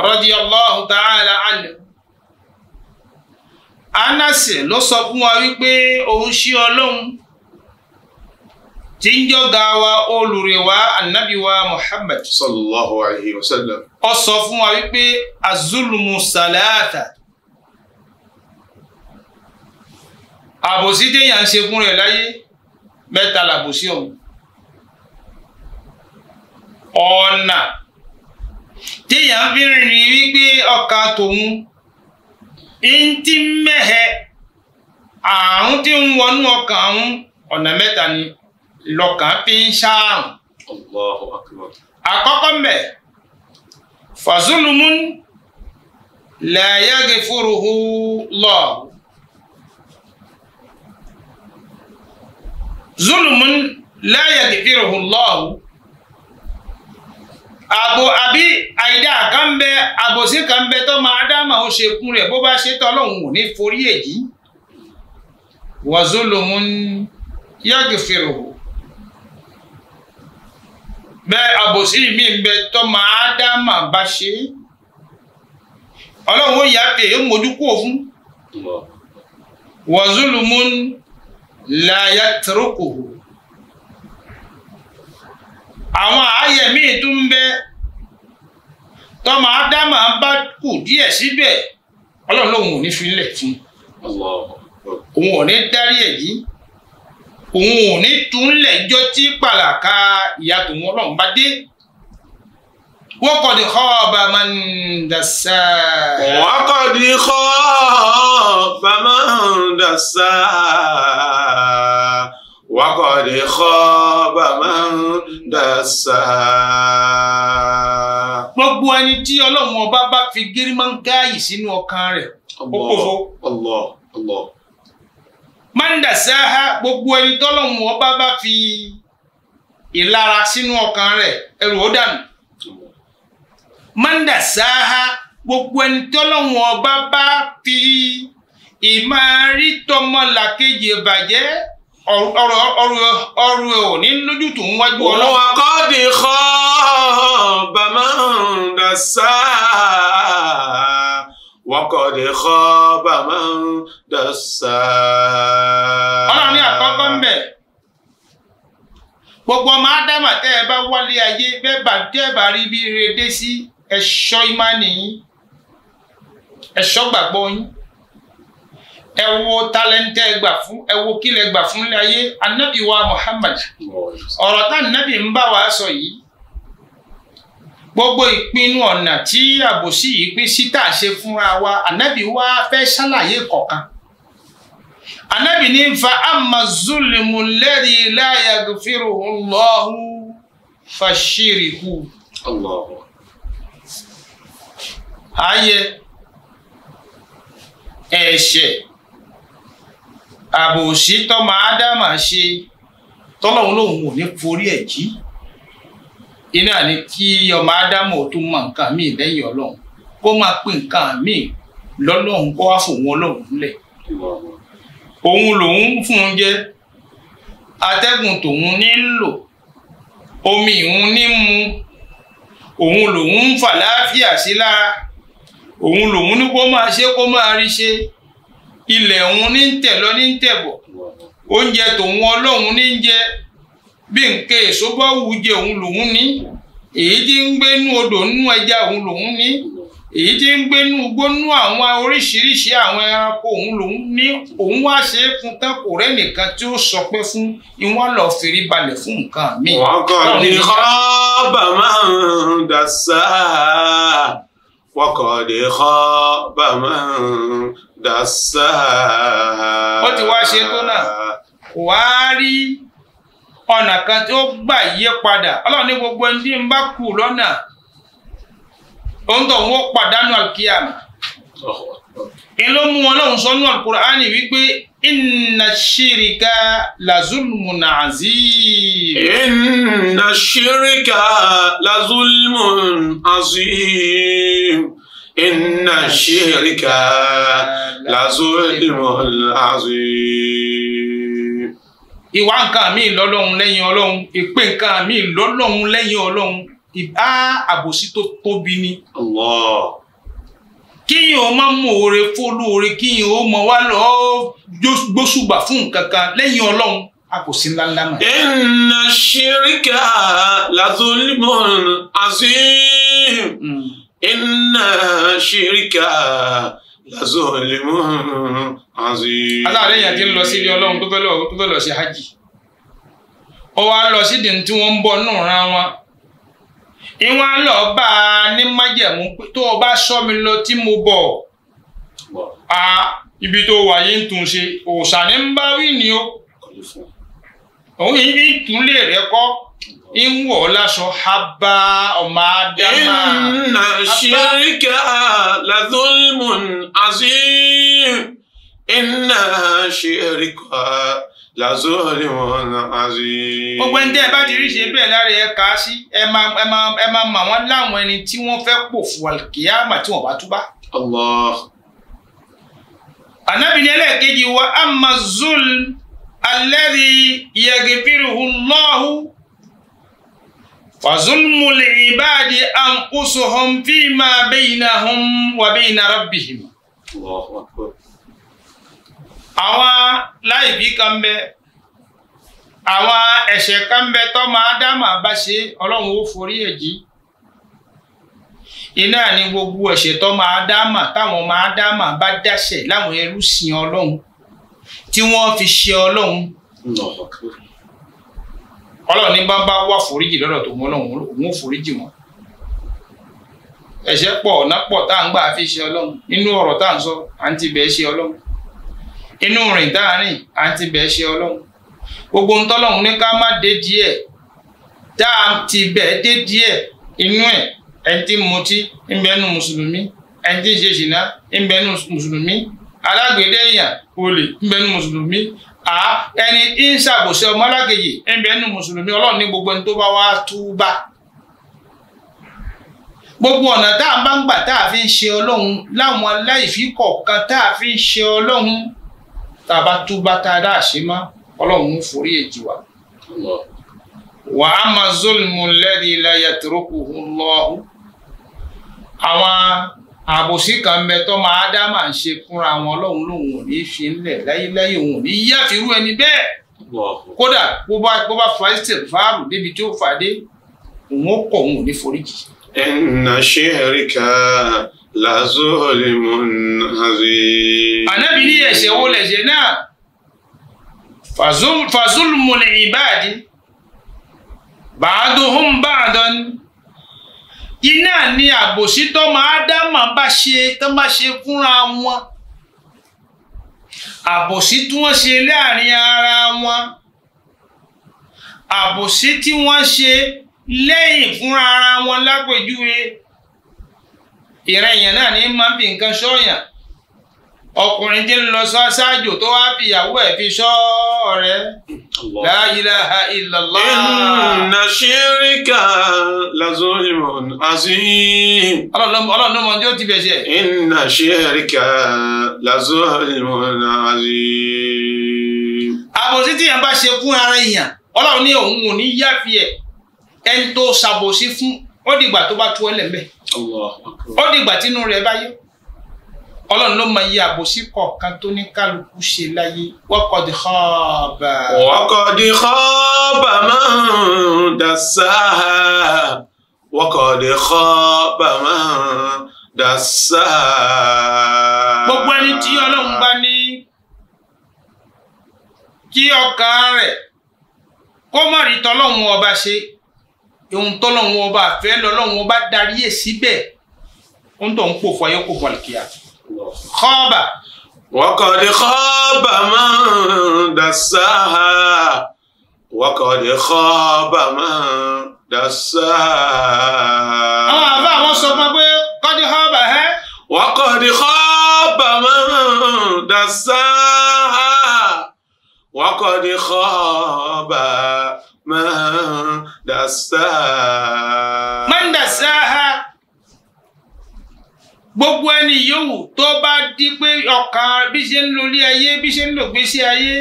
radiyallahu ta'ala anhu Anas ló sọ fún wa wípé òun ṣí ọlọ́run tí ń jọ́gà wa olùrẹ̀wá ànábì Muhammad sallallahu alayhi wa sallam ó sọ fún wa wípé azulumu salata àbòsí téèyàn ṣe fún rẹ̀ láyé mẹ́ta làbòsí ọ̀hún ọ̀nà téèyàn fi rìnrìn wípé ọkà tòun ń ti mẹ́hẹ àrùn tí ń wọnú ọkàn ọ̀hún ọ̀nà mẹ́ta ni lọ́kàn fi ń ṣàrùn. Allahu akbar. àkọ́kọ́ mbẹ̀ fàzúlùmún la yaghfiruhu Allah. zulumun la yaghfiruhu Allahu àbò àbí àìdá kan bẹ àbòsí kan bẹ tó máa dáàmà ó ṣe kún rẹ̀ bó bá ṣe tọ́lọ́hún ò ní forí èyí wa zulumun yaghfiruhu bẹ́ẹ̀ àbòsí mi bẹ tó máa dáàmà bá ṣe ọlọ́run ó yà pé yóò mójú kúò fún wa zulumun la yatrukuhu àwọn ààyè míì tún ń bẹ tọmọ ádámà bá kù díẹ̀ síbẹ̀ ọlọ́run lòun ò ní filẹ̀ fún òun ò ní dárí ẹ̀ yìí òun ò ní túnlẹ̀ jọ tí pàlàkà ìyá tòun ọlọ́run bá dé wọ́n kọ́ di khaba man dassa. wọ́n kọ́ di khaba man dassa. وقد خاب من دسا. gbogbo ẹni tí ọlọ́run ọba bá fi gírímọ̀ngáyì sínú ọkàn rẹ̀ ó kófo. Allah Allah. gbogbo ẹni tọ́lọ́run ọba bá fi ìlara sínú ọkàn rẹ̀ ẹrù ó dànù. mandasaha gbogbo ẹni tọ́lọ́run ọba bá fi ìmọ̀ rí tọmọlàkejì bàjẹ́ ọ̀rọ̀ ọ̀rọ̀ ọ̀rọ̀ ò ní lójú tó ń wájú ọlọ́run. òun àkọ́dì kọ́ bàmá ń dà sá wọ́kọ̀dì kọ́ bàmá ń dà ọlọ́run ní àkọ́kọ́ ń bẹ̀ gbogbo ọmọ ádámà tẹ́ ẹ bá wálé ayé bẹ́ẹ̀ bá tẹ́ ẹ bá rí bí rere dé sí ẹ̀ṣọ́ ìmánìyí ẹ̀ṣọ́ gbàgbọ́ yín. ewu wo talẹ́ńtẹ́ gbà fún ẹ wo kílẹ̀ gbà fún ilé ayé wa Muhammad ọ̀rọ̀ tá anábì ń bá wa sọ yìí gbogbo ìpinnu ọ̀nà tí àbòsí yìí pín sí tá a ṣe fúnra wa anábì wa fẹ́ ṣàlàyé kọ̀ọ̀kan anábì ní fa amma zulimu lẹ́rì la yaghfiruhu Allahu fashirihu. ayé ẹ̀ṣẹ̀. àbòsí tọmọ ádámà ṣe tọlọ́run lòun ò ní forí ẹ̀ jí iná ni kí ọmọ ádámà ò tún mọ nǹkan míì lẹ́yìn ọlọ́run kó máa pè nǹkan míì lọ́lọ́run kó wá fòun ọlọ́run lẹ̀ òun lòun fún un jẹ atẹ́gùn tòun ní omi ìhun ní mu òun lòun ń fà láàfíà sí lára òun lòun ní kó máa ṣe kó máa rí ṣe. ilẹ̀ òun ní ń lọ ní ń bọ̀ oúnjẹ tòun ọlọ́run ní ń jẹ bí nǹkan èso wù jẹ òun lòun ní èyí tí ń gbé nú odò nú ẹja òun lòun ní èyí tí ń gbé nú igbó nú àwọn oríṣiríṣi àwọn ẹranko òun lòun ní òun wá ṣe tí ó fún lọ fèrè balẹ̀ fún nǹkan mi. وقد خاب من دساها ó ti wá ṣe tó náà kò wá rí ọ̀nà kan tí ó gbà yé padà ọlọ́run ní gbogbo ẹni tí ń bá kù lọ́nà òun tó ń wó pàdánù alkiyama ìyẹn ló mú wọn lọ́hùn sọ́nù alukur'ani wípé inna shirika lazulmun azim. inna shirika lazulmun azim inna shirika lazulmul azim. ìwà nǹkan mi lọ́lọ́run lẹ́yìn ọlọ́run ìpè nǹkan mi lọ́lọ́run lẹ́yìn ọlọ́run ìbá àbòsí tó tóbi ni. Allah. kíyìn ó máa mú oore fólóore kíyìn ó mọ wá lọ gbósùgbà fún nǹkan kan lẹ́yìn ọlọ́run a kò sí ńláńlá mọ́. inna shirika lazulmul azim. Hmm. inna shirika lazo ole yẹn ti ń lọ ilé ọlọ́run tó fẹ́ lọ tó sí hajj ó lọ tí wọ́n ń náà ra wọn ìwọ̀n lọ bá a ní májẹ̀mú tó o bá sọ mi lọ tí ibi tó wà yìí ń tún ṣe òòṣà ní ń bá wí ni ó òun yìí ń tún lè ń wọ̀ ọ́ láṣọ haba ọmọ adama. inna shirika ladhulmun azim inna shirika lazolimun azim. gbogbo ẹni tẹ́ ẹ bá ti rí ṣe bẹ́ẹ̀ lára ẹ kà á sí ẹ máa ẹ máa ẹ máa mà wọ́n láwọn ẹni tí wọ́n fẹ́ pò fún alkiyama tí wọ́n bá túbá. Allah. ànábì ní ẹlẹ́ẹ̀kejì wa amma zulm alladhi yaghfiruhu Allahu. وظلم العباد أنفسهم فيما بينهم وبين ربهم الله أكبر àwọn láìbí kan bẹ àwọn ẹ̀ṣẹ̀ kan bẹ tọmọ ádámà bá ṣe Ọlọ́run ó forí ẹ̀ jì iná ni gbogbo ẹ̀ṣẹ̀ tọmọ ádámà táwọn ọmọ ádámà bá dáṣẹ̀ láwọn ẹrú sìn Ọlọ́run tí wọ́n fi ṣe Ọlọ́run ọlọ́run ní bá bá wà foríjì lọ́dọ̀ tó wọn náà òun ò foríjì wọn ẹ̀ṣẹ̀ pọ̀ ọ̀nà pọ̀ tá à ń gbà fi ṣe ọlọ́run nínú ọ̀rọ̀ tá à ń sọ à ń ti bẹ̀ ṣe ọlọ́run inú rìn tá à ń rìn à ń ti bẹ̀ ṣe ọlọ́run gbogbo ń tọ́lọ́run ní ká má dé díẹ̀ tá à ti bẹ̀ dé díẹ̀ inú ẹ̀ ẹni tí ń mutí ń bẹ nínú mùsùlùmí ẹni tí ń ṣe ṣìnà ń bẹ nínú mùsùlùmí alágbèdè olè ń bẹ nínú mùsùlùmí a ẹni ń ṣàbòsí ọmọ alákejì ẹnbẹ nínú mùsùlùmí ọlọ́run ní gbogbo ẹni tó bá gbogbo ọ̀nà tá à ń bá fi ń ṣe ọlọ́run láwọn aláìfí kọ̀ọ̀kan tá fi ń ṣe ọlọ́run tá a bá túbà tá a mọ́ ọlọ́run ń forí èjì wa. wà á máa àbòsí kan bẹ tọ́mọ ádámà ń ṣe fúnra wọn lọ́hùn lòun ò ní fi ńlẹ̀ láyéláyé òun ò ní yáfirú ẹni bẹ́ẹ̀ kódà bó bá bó bá fa fáàrù débi tí ó fàdé òun ó kọ̀ òun ò ní foríjì. ẹnà ṣe ẹríkà làzó ọlẹmọ nàzí. ànábì ní ẹ̀ṣẹ̀ wo lẹ̀ṣẹ̀ náà fàzúlùmọlẹ ìbáàdì bàádùn hùn bàádùn iná ni àbòsí tọ́mọ ádámà bá ṣe tán bá ṣe fúnra wọn àbòsí tí wọ́n ṣe láàrin ara wọn àbòsí tí wọ́n ṣe lẹ́yìn fúnra ara wọn lápèjúwe ìran náà ní máa ń fi nǹkan ṣọ́yàn ọkùnrin tí ń lọ ṣáájú tó wá fi ìyàwó ẹ̀ fi ṣọ́ ọ̀rẹ́ la ilaha illallah. inna shirika lazulmun azim. ọlọ́run ló mọ ọjọ́ ti bẹ̀ṣẹ̀. inna shirika lazulmun azim. àbòsí tí yẹn bá ṣe fún ara èèyàn ọlọ́run ní òun ò ní yáfi ẹ̀ ẹni tó ṣàbòsí fún ó dìgbà tó bá tú ọ ó dìgbà tínú rẹ̀ bá ọlọ́run ló mọ iye àbòsí kọ̀ọ̀kan tó ní kálukú ṣe láyé wọ́kọ̀ di xọ́ọ̀bà. wọ́kọ̀ di xọ́ọ̀bà máa ń dàsá wọ́kọ̀ di xọ́ọ̀bà máa ń dàsá. gbogbo ẹni tí ọlọ́run bá ní kí ọkàn rẹ̀ kó mọ̀ rí tọ́lọ́run ọba ṣe ohun tọ́lọ́run ọba àfẹ́ lọ́lọ́run ọba darí ẹ̀ síbẹ̀ ń tọ́ ń pò fún ayọ́kọ̀ bọ̀lìkìyà. خاب وقد خاب من دساها وقد خاب من دساها اه àbá àwọn sọ fún قد خاب آه، ها وقد خاب من دساها وقد خاب من دساها. من دساها. gbogbo ẹni yòówù tó bá di pé ọkàn bí ṣe ń lórí ayé bí ṣe ń lò gbèsè ayé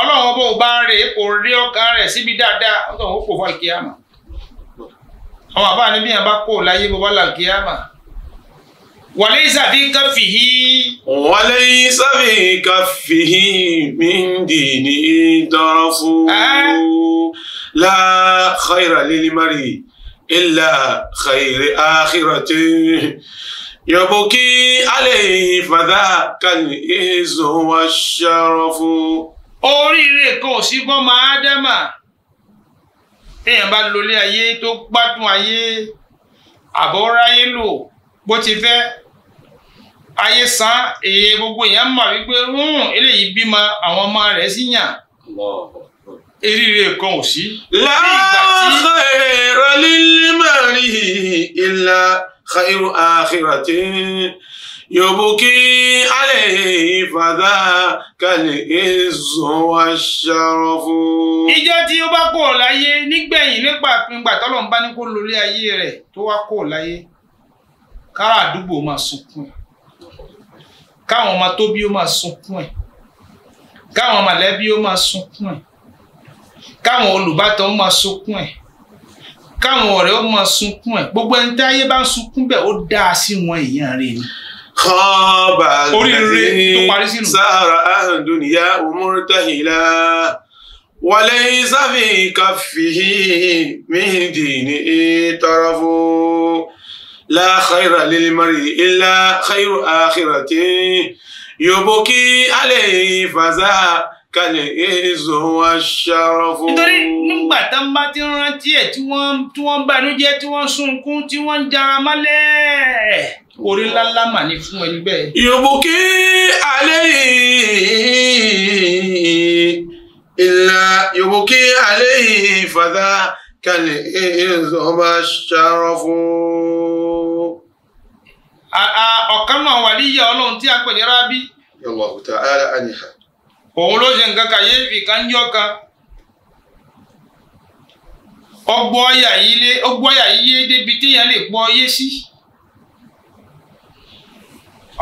ọlọ́run ọba ò bá rè é kò rí ọkàn rẹ̀ síbi dáadáa ó tàn ó kò fọ àkíyàmà ọmọ àbá ni bí yàn bá kó láyé bó bá làkíyàmà wàlẹ́ ìsàfi káfìhí. wàlẹ́ ìsàfi káfìhí mi ń dì ní dọ́rọ́ fún la khayra lil mari illa khayri akhirati. يبكي عليه فذاك العز والشرف oríire kan ò sí fún ọmọ ádámà téèyàn bá lólé ayé tó gbádùn ayé àbọ̀ráyé lò bó ti fẹ́ ayé san èyí gbogbo èèyàn mọ̀ wípé eléyìí bímọ àwọn ọmọ rẹ̀ sì yàn eríire kan ò sí. láàárọ̀ ìrọ̀lẹ́ mẹ́rin ìlà. خير آخرة يبكي عليه فذاك العز والشرف. ìjọ́ tí ó bá kó o láyé nígbẹ̀yìn nípa ìpínpà tọ́lọ̀ ń bá ní kó lórí ayé rẹ̀ tó wá kó o láyé kára àdúgbò máa sunkún ẹ̀ káwọn ọmọ tó bí ó máa sunkún ẹ̀ káwọn mọ̀lẹ́bí ó máa sunkún ẹ̀ káwọn olùbátan ó máa sunkún ẹ̀ káwọn ọ̀rẹ́ ó máa sunkún ẹ̀ gbogbo ẹni tí ayé bá ń sunkún bẹ́ẹ̀ ó dáa sí wọn èèyàn rẹ̀ ni. kọ́ọ̀bà oríire tó parí sínú. sára àdúnyà òmùrútàhìlá wọlé sáfì káfíhì mídìní tọrọfó láàkàrà lílímárì ilá kàírù àkìrà tí yòbókì alẹ́ ìfàzà kálí èso wọn ṣàròfò. nítorí nígbà tán bá ti rántí ẹ tí wọ́n tí wọ́n bànújẹ́ tí wọ́n sunkún tí wọ́n ń jara mọ́lẹ̀ orí ńláńlá mà ní fún ẹni bẹ́ẹ̀. yòókù kí alẹ́ yìí ìlà yòókù kí alẹ́ yìí fàdá kálí èso wọn ṣàròfò. ọ̀kan náà wà níyà ọlọ́run tí a pè ní rábí. Allahu ta'ala anha. owolozhenka kayevikandioka ọgbọ́ àyà yíyé débi téèyàn lè gbọ́ yé sí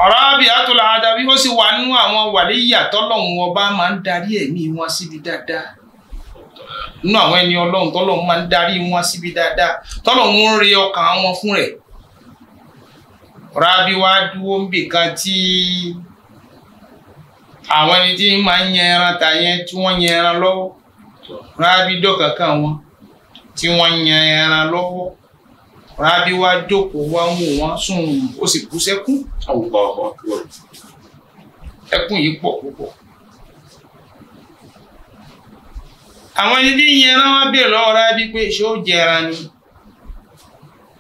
ọ̀rọ̀ àbí àtúlà àdàbí ó sì wà nínú àwọn wàléyà tọ́lọ́hún ọba máa ń darí ẹ̀mí darí wọn síbi dáadáa tọ́lọ́hún kan àwọn ẹni tí máa ń yan ẹran ta yẹn tí wọ́n yan ẹran lọ́wọ́ rábí wọn tí wọ́n yan ẹran lọ́wọ́ rábí wá jókòó wá mú wọn sùn ó sì kú sẹ́kún. ẹkún yìí pọ̀ púpọ̀. àwọn ẹni tí yan ẹran wá ni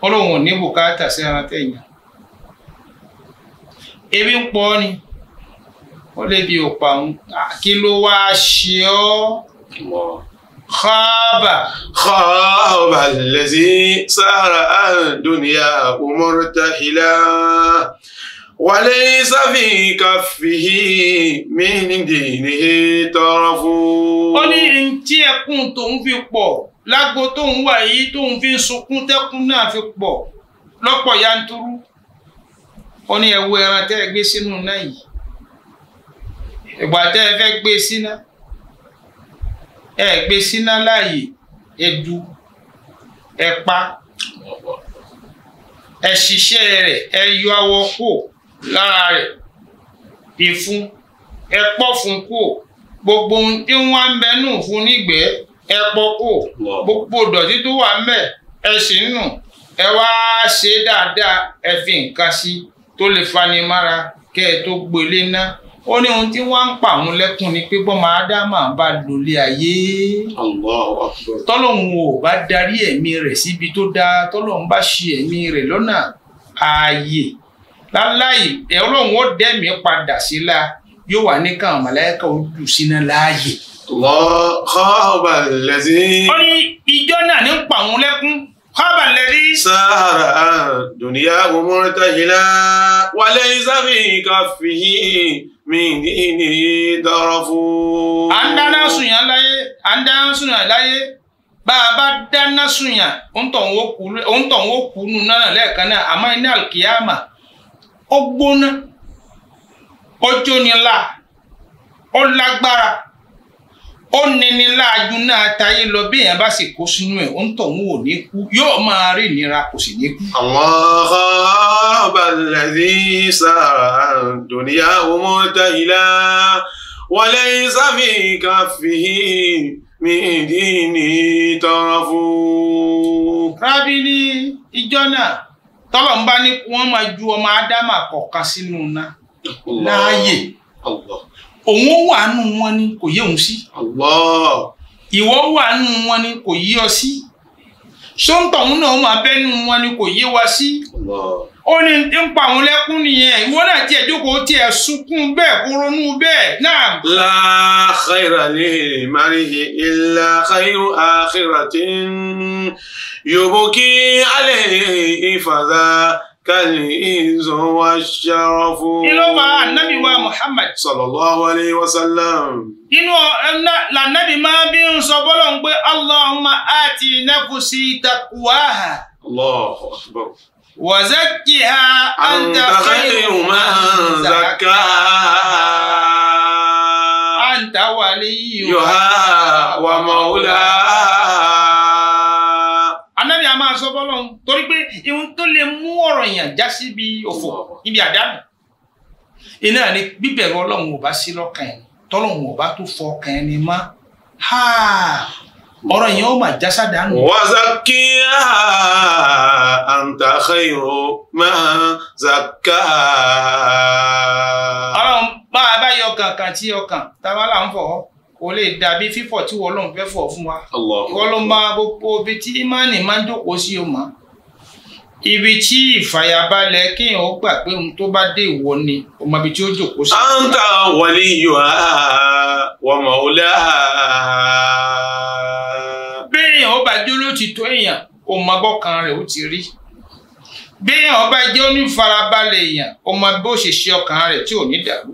ó lóun ò ní bùkátà sí ẹran tẹ̀yìn. ni. ó lébi òpà òun kí ló wáá ṣe ọ́. Khaba. Khaba allazi sára àdúnyà umurtahila. وليس في كفه من دينه طرف. ó ní ntí ẹkún tóun fi pọ̀ lágbo tóun wà yìí tóun fi ń sunkún tẹ́kún náà fi pọ̀ lọ́pọ̀ yanturu ó ní ẹ̀wù ẹran tẹ́ ẹ gbé sínú náà yìí ìgbà tẹ́ ẹ fẹ́ gbé síná ẹ gbé síná láàyè ẹ du ẹ pa ẹ ṣiṣẹ́ rẹ̀ ẹ yọ awọ kò lára rẹ̀ ìfun ẹ pọ̀ fún kò gbogbo ohun tí wọ́n ń bẹnu fún nígbẹ́ ẹ pọ̀ kò gbogbo ìdọ̀tí tó wà ń ẹ sì ń nù ẹ wá ṣe dáadáa ẹ fi nǹkan sí tó lè fani mára kẹ́ ẹ tó gbélé náà ó ní ohun tí wọ́n ń pa àwọn lẹ́kùn ni pé bọ́mọ ádámà bá lólé ayé tọ́lọ́hún ò bá darí ẹ̀mí rẹ̀ síbi tó dáa tọ́lọ́hún bá ṣe ẹ̀mí rẹ̀ lọ́nà ààyè láláì ọlọ́hún ó dẹ́mi padà sí la yóò wà ní káwọn màláíkà ó jù síná láàyè. wọ́n kọ́ ọba lẹ́sìn. ó ní ìjọ náà ní pa àwọn lẹ́kùn. Kọ́bà lẹ́rí. Sáàrà dùnìyà òmùrẹ́ tàjìlá wàlẹ́ ìsáfì káfíhì mi ní ní dọ́rọ̀ fún. À ń dáná sùnyàn láyé, à ń dáná sùnyàn láyé. Bá a bá dáná sùnyàn, òǹtọ̀ ń wó kú nù la, ó ó níní láàjú náà táyé lọ bí èèyàn bá sì kó sínú ẹ̀ ó ń tọ̀hún ò ní kú yóò máa rí ìnira kò sì ní kú. àwọn ọ̀bàlẹ̀dì sára dùnìyà ọmọ dáìlà wọlé sáfì káfí mi ìdí ní tọrọ fún. rábìlì ìjọ náà tọ́lọ̀ ń bá ní wọ́n máa ju ọmọ ádámà kọ̀ọ̀kan sínú náà láàyè òun ó wà nù wọn ni kò yé òun sí. ìwọ wà nù wọn ni kò yé ọ sí. sóńtọ̀ òun náà máa bẹ́ nù wọn ni kò yé wa sí. ó ní ń pa òun lẹ́kún nìyẹn ìwọ náà tiẹ̀ jókòó tiẹ̀ sunkún bẹ́ẹ̀ kó bẹ́ẹ̀ náà. la khayra li marihi illa khayru akhiratin yubki alayhi ifadha. كالإنس والشرف إلوما النبي ومحمد صلى الله عليه وسلم inú lànàbì máa bí ń sọ bọ́lọ̀ ń pé allahumma ati nafsi takuwaha. allahu akbar. wa zakkiha anta khayru man zakkaha. anta waliyuha wa maulaha máa sọ fọlọ́run torí pé ihun tó lè mú ọ̀rọ̀ èèyàn já síbi òfò níbi àdánù iná ni bíbẹ̀rù ọlọ́run ò bá sí lọ́kàn ẹ̀ tọ́lọ́run ò bá tó fọ ọkàn ẹ̀ mọ́ ọ̀rọ̀ yẹn ó mà já sádàánù. wà á zakiya anta khayru máa zaka. ọlọ́run bá a bá yọ ọkàn kan tí ọkàn táwa là ń fọ̀ ọ́ kò lè dàbí fífọ̀ tí wọ́n lọ́n fẹ́ fọ̀ fún wa wọ́n ló máa gbogbo ibi tí ìmánì máa ń jókòó sí o mọ́ ibi tí ìfàyàbalẹ̀ kéèyàn ó gbà pé ohun tó bá dé ìwọ ni ọmọ ibi tí ó jókòó sí. anta waliyuha wa maulaha. béèyàn ó bá jẹ́ olótìtọ́ èèyàn ọmọ bọ́kàn rẹ̀ ó ti rí béèyàn ó bá jẹ́ onífarabalẹ̀ èèyàn ọmọ bó ṣe ṣe ọkàn rẹ̀ tí ò ní dàrú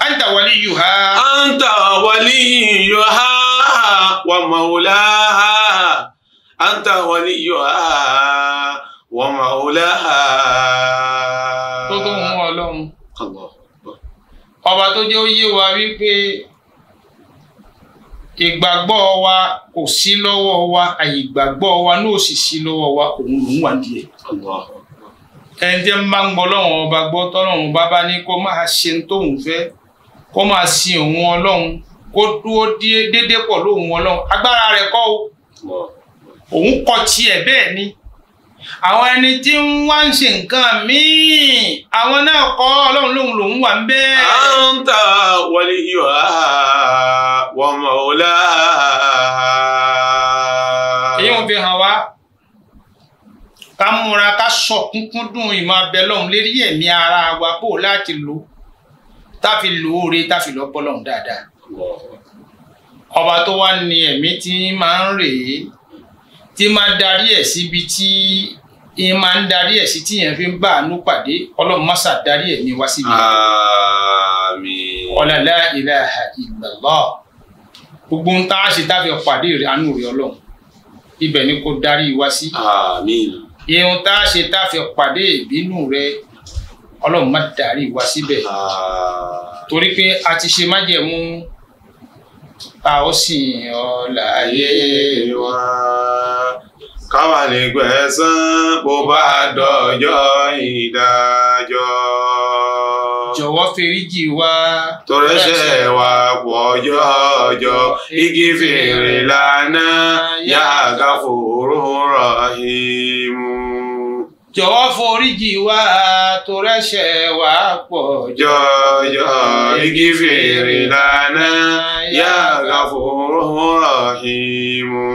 anta waliyuha. anta waliyuha wa maulaha anta waliyuha wa maulaha. tó tó mú ọlọ́run. ọba tó jẹ́ ó yé wa wípé ìgbàgbọ́ wa kò sí lọ́wọ́ wa àyìgbàgbọ́ wa ní sì sí lọ́wọ́ wa òun lòún wà díẹ̀. ẹni tí ń bá ń gbọ́ lọ́wọ́ ọba gbọ́ tọ́lọ́run bá bá ní kó máa ṣe tóun fẹ́ kó máa sin òun ọlọ́run kó dúró déédéé pọ̀ lóhun ọlọ́run agbára rẹ̀ kọ́ òun kọ tiẹ̀ bẹ́ẹ̀ ni àwọn ẹni tí ń wá ń ṣe nǹkan míì àwọn náà kọ́ ọlọ́run lòun lòun wà ń bẹ́ẹ̀. à ń ta wọlé yọ wọn mọ ọ la. èyí wọn fi hàn wá ká múra ká sọ kúnkún dùn ìmọ̀ abẹ́ lọ́hùn lérí ẹ̀mí ara wa bò láti lò ó táfi lóore táfi lọ bọ́ lọ́hùn dáadáa ọba tó wá ní ẹ̀mí tí máa ń rèé tí máa ń darí ẹ̀ síbi tí ìyẹn máa ń darí ẹ̀ sí tí yẹn fi ń bá àánú pàdé ọlọ́run má darí ẹ̀mí wá síbi. àmín. ọ̀là la gbogbo ń tá a ṣe tá a fi pàdé àánú rẹ̀ ọlọ́run ibẹ̀ ni kò darí wá sí. ìhun tá a ṣe tá a fi pàdé ìbínú rẹ̀ ọlọ́run má darí wa síbẹ̀ ah. torí pé a ti ṣe májẹ̀mú a ó sì ọ̀la ayé wa. káwa ní gbẹ̀san bó bá dọjọ́ ìdájọ́. jọ̀wọ́ fèríjì wa. torẹ́ṣẹ̀ wa pọ̀ jọjọ igi fèrè lánàá yá àgàfòrò jọ̀wọ́ foríjì wá tó rẹ́ṣẹ̀ wá pọ̀ jọjọ igi fèrè lánà yá Ghafuru Rahimu.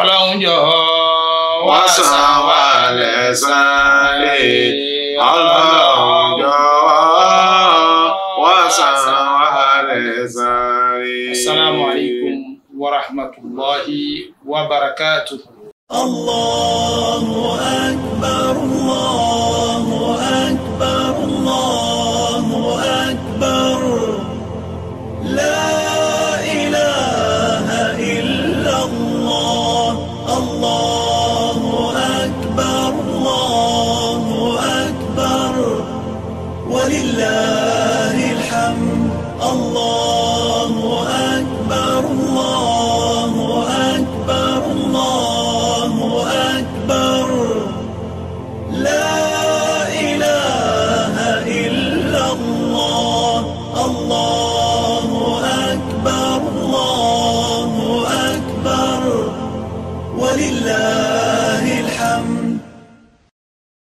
ọlọ́run jọ̀ọ́ wá san wá lẹ́san lé ọlọ́run jọ̀ọ́ wá san wá lẹ́san lé. asalaamualeykum wa rahmatulahi wa barakatuhu. الله أكبر الله أكبر الله أكبر لا إله إلا الله الله أكبر الله أكبر ولله